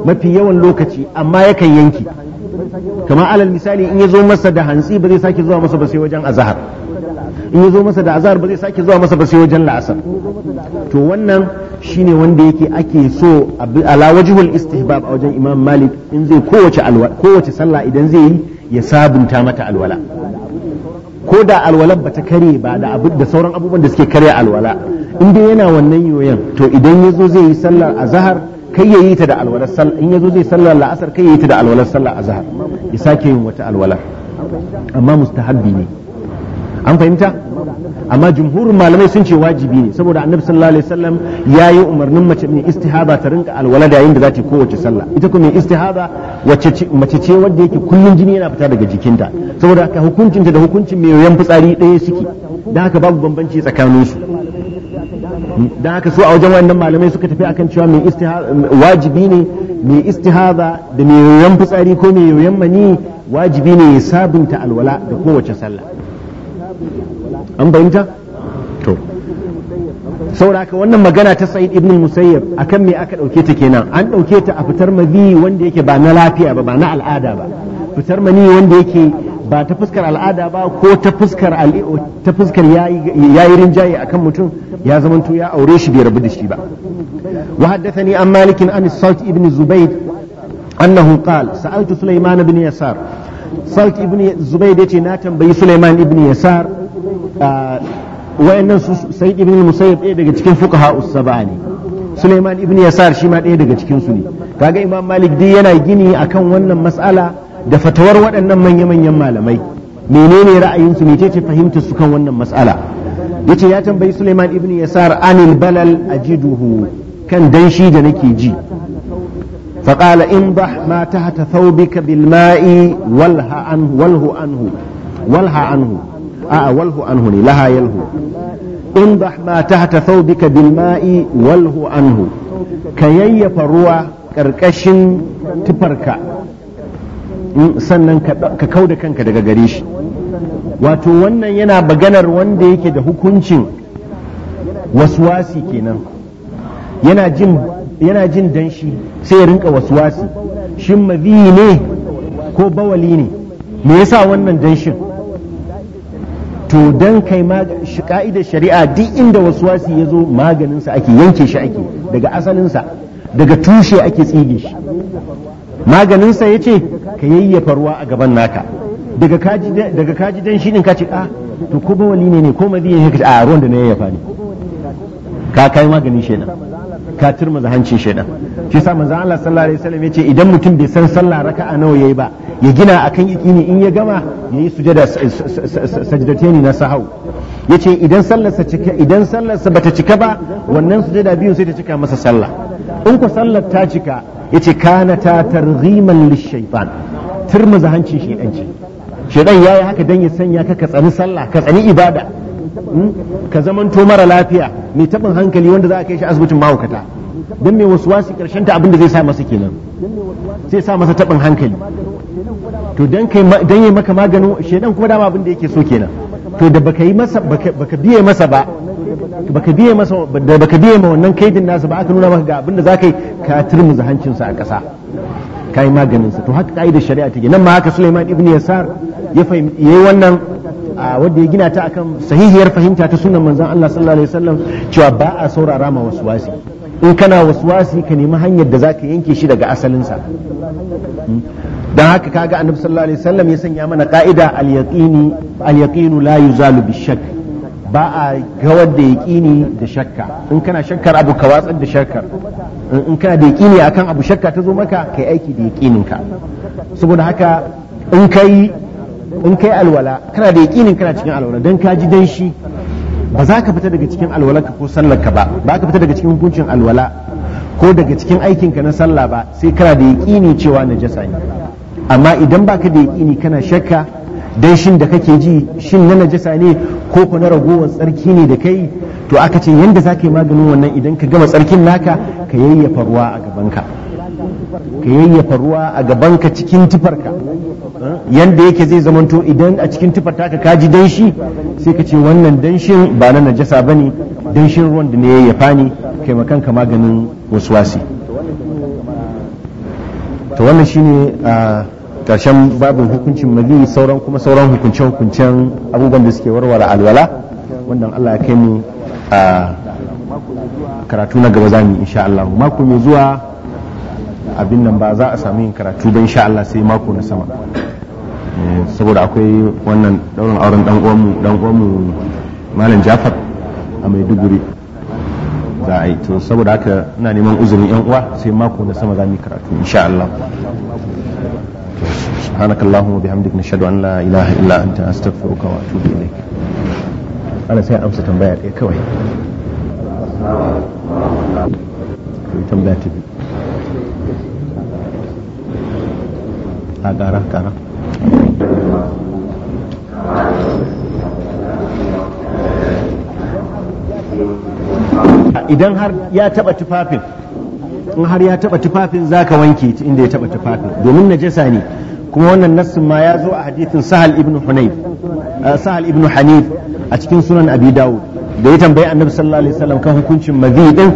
mafi yawan lokaci amma yakan yanki kamar alal misali in ya zo masa da hantsi ba zai sake zuwa masa ba sai wajen azahar in ya zo masa da azahar ba zai sake zuwa masa ba sai wajen la'asar to wannan shine wanda yake ake so ala wajhul istihbab a wajen imam malik in zai kowace alwala kowace sallah idan zai yi ya sabunta mata alwala ko da alwalan ba ta kare ba da abu da sauran abubuwan da suke kare alwala in dai yana wannan yoyon to idan ya zo zai yi sallar azahar kai ya yi ta da alwalar sallah in ya zo zai sallar la'asar kai ya yi ta da alwalar sallah a zahar ya sake yin wata alwala amma mustahabbi ne an fahimta amma jumhurin malamai sun ce wajibi ne saboda annabi sallallahu alaihi wasallam yayi umarnin mace mai istihaba ta rinka alwala da yayin da za ta kowace sallah ita kuma mai istihaba wacce mace ce wanda yake kullun jini yana fita daga jikinta saboda haka hukuncinta da hukuncin mai yoyon fitsari ɗaya suke da haka babu bambanci tsakaninsu don haka su a wajen wayannan malamai suka tafi akan cewa mai wajibi ne mai istihaza da mai yoyon fitsari ko mai yoyon mani wajibi ne ya sabunta alwala da kowace sallah an bayyanta to sauraka wannan magana ta sa'id ibn musayyib akan me aka dauke ta kenan an dauke ta a fitar mabi wanda yake ba na lafiya ba ba na al'ada ba fitar mani wanda yake ba ta fuskar al'ada ba ko ta fuskar ta fuskar yayi rinjaye akan mutum ya zamanto ya aure shi bai rabu da shi ba wa haddathani an malikin an salt ibn zubayd annahu qala sa'altu sulaiman ibn yasar salt ibn zubayd yace na tambayi sulaiman ibn yasar wayannan su sayyid ibn musayyib ɗaya daga cikin fuqaha usbani ne sulaiman ibn yasar shi ma ɗaya daga cikin su ne kaga imam malik dai yana gini akan wannan mas'ala da fatawar waɗannan manya-manyan malamai menene ra'ayinsu ne ce fahimtar su kan wannan matsala yace ya tambayi Suleiman ibn Yasar anil balal ajiduhu kan danshi da nake ji فقال انضح ما تحت ثوبك بالماء والها عنه والهو عنه والها عنه آه والهو عنه لها يلهو انضح ما تحت ثوبك بالماء والهو عنه كييف روى كركش sannan ka kau da kanka daga gare shi wato wannan yana baganar wanda yake da hukuncin wasi kenan yana jin yana jin danshi sai ya rinka waswasi shin mazi ne ko bawali ne me yasa wannan danshin to dan kai shi ka'idar shari'a duk inda waswasi ya zo maganinsa ake yanke shi ake daga asalinsa daga tushe ake tsige shi maganinsa ya ce ka yayyafa ruwa a gaban naka daga kaji dan shi ka ce a ah, to ko wali ne ne ko madiyan ne kace a ah, ruwan da na yayyafa ne ka kai maganin shedan ka turmaza hancin shedan shi sa manzon Allah sallallahu alaihi wasallam yace idan mutum bai san sallah raka'a nawa yayi ba ya gina akan yaqini in ya gama yayi sujada sajdatayni na sahau yace idan sa cika idan sallarsa bata cika ba wannan sujada biyun sai ta cika masa sallah in ku sallar ta cika yace kana ta targhiman lishaitan turmuza hancin shedan ce ya yayi haka dan ya sanya ka ka tsani sallah ka tsani ibada hmm? ka zamanto mara lafiya mai tabin hankali wanda za a kai shi asibitin mahaukata don mai wasu wasi karshen ta abinda zai sa masa kenan sai sa masa tabin hankali to dan kai dan yayi maka maganin shedan kuma dama abinda yake so kenan to da baka yi masa baka biye masa ba baka biye masa da baka biye ma wannan kaidin nasa ba aka nuna maka ga abinda zaka yi ka turmuza hancin sa a ƙasa kai maganin sa to haka kaida shari'a take nan ma haka Sulaiman ibn Yasar ya fahimci yayi wannan wanda ya gina ta akan sahihiyar fahimta ta sunan manzon Allah sallallahu alaihi wasallam cewa ba a saurara ma waswasi in kana waswasi ka nemi hanyar da zaka yanke shi daga asalin sa dan haka kaga annabi sallallahu alaihi wasallam ya sanya mana ka'ida al-yaqini al-yaqinu la yuzalu bi-shakk ba a gawar da ƙini da shakka in kana shakkar abu ka watsar da shakkar in kana da yaƙini akan abu shakka ta zo maka kai aiki da yaƙininka saboda haka in kai in kai alwala kana da yaƙinin kana cikin alwala dan ka ji shi ba za ka fita daga cikin alwalarka ko sallarka ba ba ka fita daga cikin hukuncin alwala ko daga cikin aikinka na sallah ba sai kana da yaƙini cewa najasa ne amma idan baka da yaƙini kana shakka danshin da kake ji shin na najasa ne ko ku na ragowar tsarki ne da kai to aka ce yadda za ka yi maganin wannan idan ka gama tsarkin naka ka yayyafa ruwa a gabanka ka yayyafa ruwa a gabanka cikin tufarka Yadda yake zai zamanto idan a cikin tufar taka ka ji danshi sai ka ce wannan danshin ba na najasa ba ne danshin ruwan da ne yayyafa ne kai makanka maganin wasi. to wannan shine a ah, karshen babin hukuncin mazi sauran kuma sauran hukuncen hukuncen abubuwan da suke warware alwala wannan Allah ya kai mu a karatu na gaba zamu insha Allah mako mai zuwa abin nan ba za a samu yin karatu ba insha Allah sai mako na sama eh, saboda akwai wannan daurin auren dan uwanmu dan uwanmu malam Jafar a Maiduguri za a yi to saboda haka ina neman uzurin yan uwa sai mako na sama za mu karatu insha Allah سبحانك اللهم وبحمدك نشهد ان لا إله إلا أنت أستغفرك وأتوب إليك أنا سيأمس تنبيع كوي تنبيع تبي أقرأ idan har ya taba tufafin in har ya taba tufafin zaka wanke inda ya taba tufafin domin najasa ne kuma wannan nassin ma ya zo a hadithin sahal ibn hunayf sahal ibn hanif a cikin sunan abi dawud da ya tambayi annabi sallallahu alaihi wasallam kan hukuncin mazi din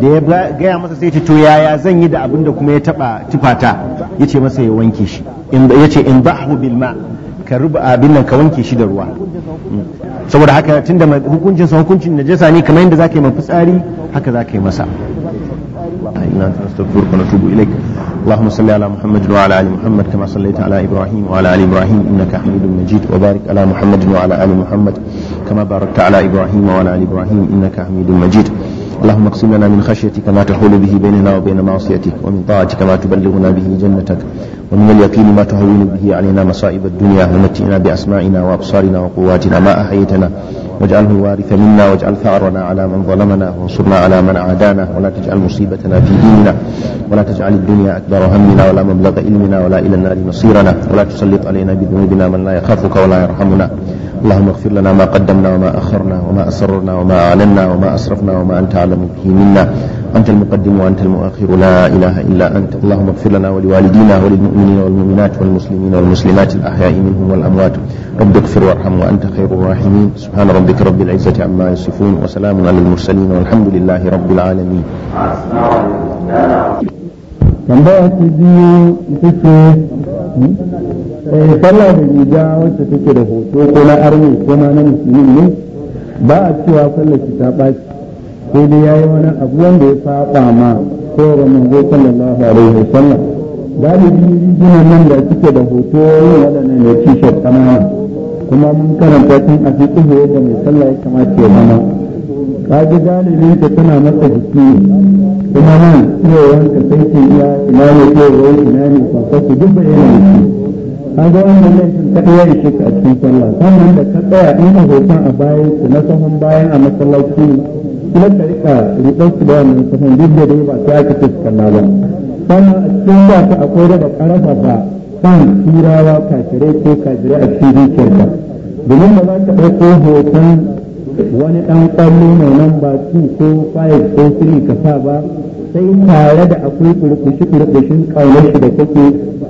da ya gaya masa sai ce to yaya zan yi da abin da kuma ya taba tufata yace masa ya wanke shi yace in dahu bil ma ka ruba abin nan ka wanke shi da ruwa mm. saboda haka tunda hukuncin sa hukuncin najasa ne kamar yadda zaka yi mafitsari haka zaka yi masa inna astaghfiruka wa atubu ilaik اللهم صل على محمد وعلى ال محمد كما صليت على ابراهيم وعلى ال ابراهيم انك حميد مجيد وبارك على محمد وعلى ال محمد كما باركت على ابراهيم وعلى ال ابراهيم انك حميد مجيد اللهم اقسم لنا من خشيتك ما تحول به بيننا وبين معصيتك ومن طاعتك ما تبلغنا به جنتك ومن اليقين ما تهون به علينا مصائب الدنيا ومتئنا بأسماعنا وأبصارنا وقواتنا ما أحيتنا واجعله وارث منا واجعل ثأرنا على من ظلمنا وانصرنا على من عادانا ولا تجعل مصيبتنا في ديننا ولا تجعل الدنيا أكبر همنا ولا مبلغ علمنا ولا إلى النار مصيرنا ولا تسلط علينا بذنوبنا من لا يخافك ولا يرحمنا اللهم اغفر لنا ما قدمنا وما أخرنا وما أسررنا وما أعلنا وما أسرفنا وما أنت أعلم به منا أنت المقدم وأنت المؤخر لا إله إلا أنت اللهم اغفر لنا ولوالدينا وللمؤمنين والمؤمنات والمسلمين والمسلمات الأحياء منهم والأموات رب اغفر وارحم وأنت خير الراحمين سبحان ربك رب العزة عما يصفون وسلام على المرسلين والحمد لله رب العالمين sallah da wacce take da hoto ko na ko na musulmi ne ba a cewa ta sai dai yi wani abu wanda ya saba ma koyarwar manzo sallallahu alaihi wasallam galibi suna nan da suke da hoto waɗannan ne t-shirt kuma mun karanta tun a fiƙihu yadda mai sallah ya kamata ya zama kaji galibin ta tana masa jiki kuma nan tsoron ka sai ce iya ina ne tsoron ina ne kwakwasu duk shi jiki kaga wannan laifin ka ɗaya shi a cikin sallah sannan da ka tsaya in hoton a bayan na sahun bayan a masallaci tilan da rika ridan su da wannan kusan duk da dai ba sai aka ce ba sama a cikin ba ta akwai da ba kan turawa kafirai ko kafirai a cikin kirka domin ba za ka ɗauko hoton wani ɗan ƙwallo mai nan ba su ko fayil ko siri ka sa ba sai tare da akwai kurkushi kurkushin ƙaunar shi da kake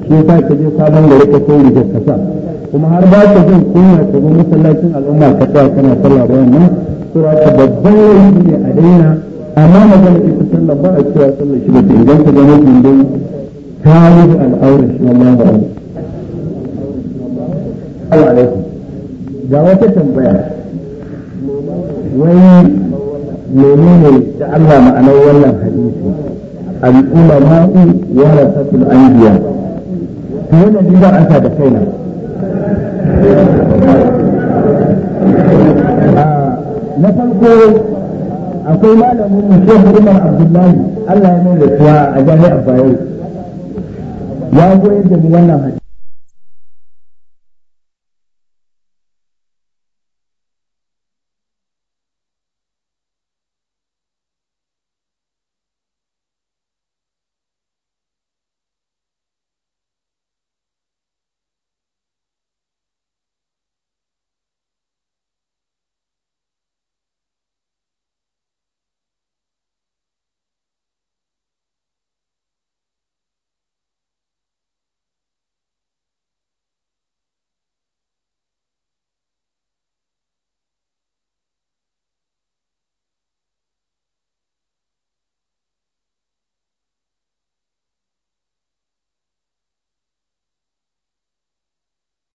shi ya ka je sabon gari ka sai rigar ka sa kuma har ba ka jin kunya ka zo masallacin al'umma ka tsaya kana sallah bayan nan cewa ta babban laifi ne a daina amma magana ita sallah ba a cewa sallah shi ba ta inganta ga mutum dai ta yi al'aurar shi wallahu a'lam Allah alaikum ga wata tambaya wai menene da Allah ma'anar wannan hadisi ya ulamau warasatul anbiya to wannan din ba ansa da kaina ah. na farko akwai malamin mu umar abdullahi allah ya mai da a jami'ar bayo ya goyar da mu wannan hadisi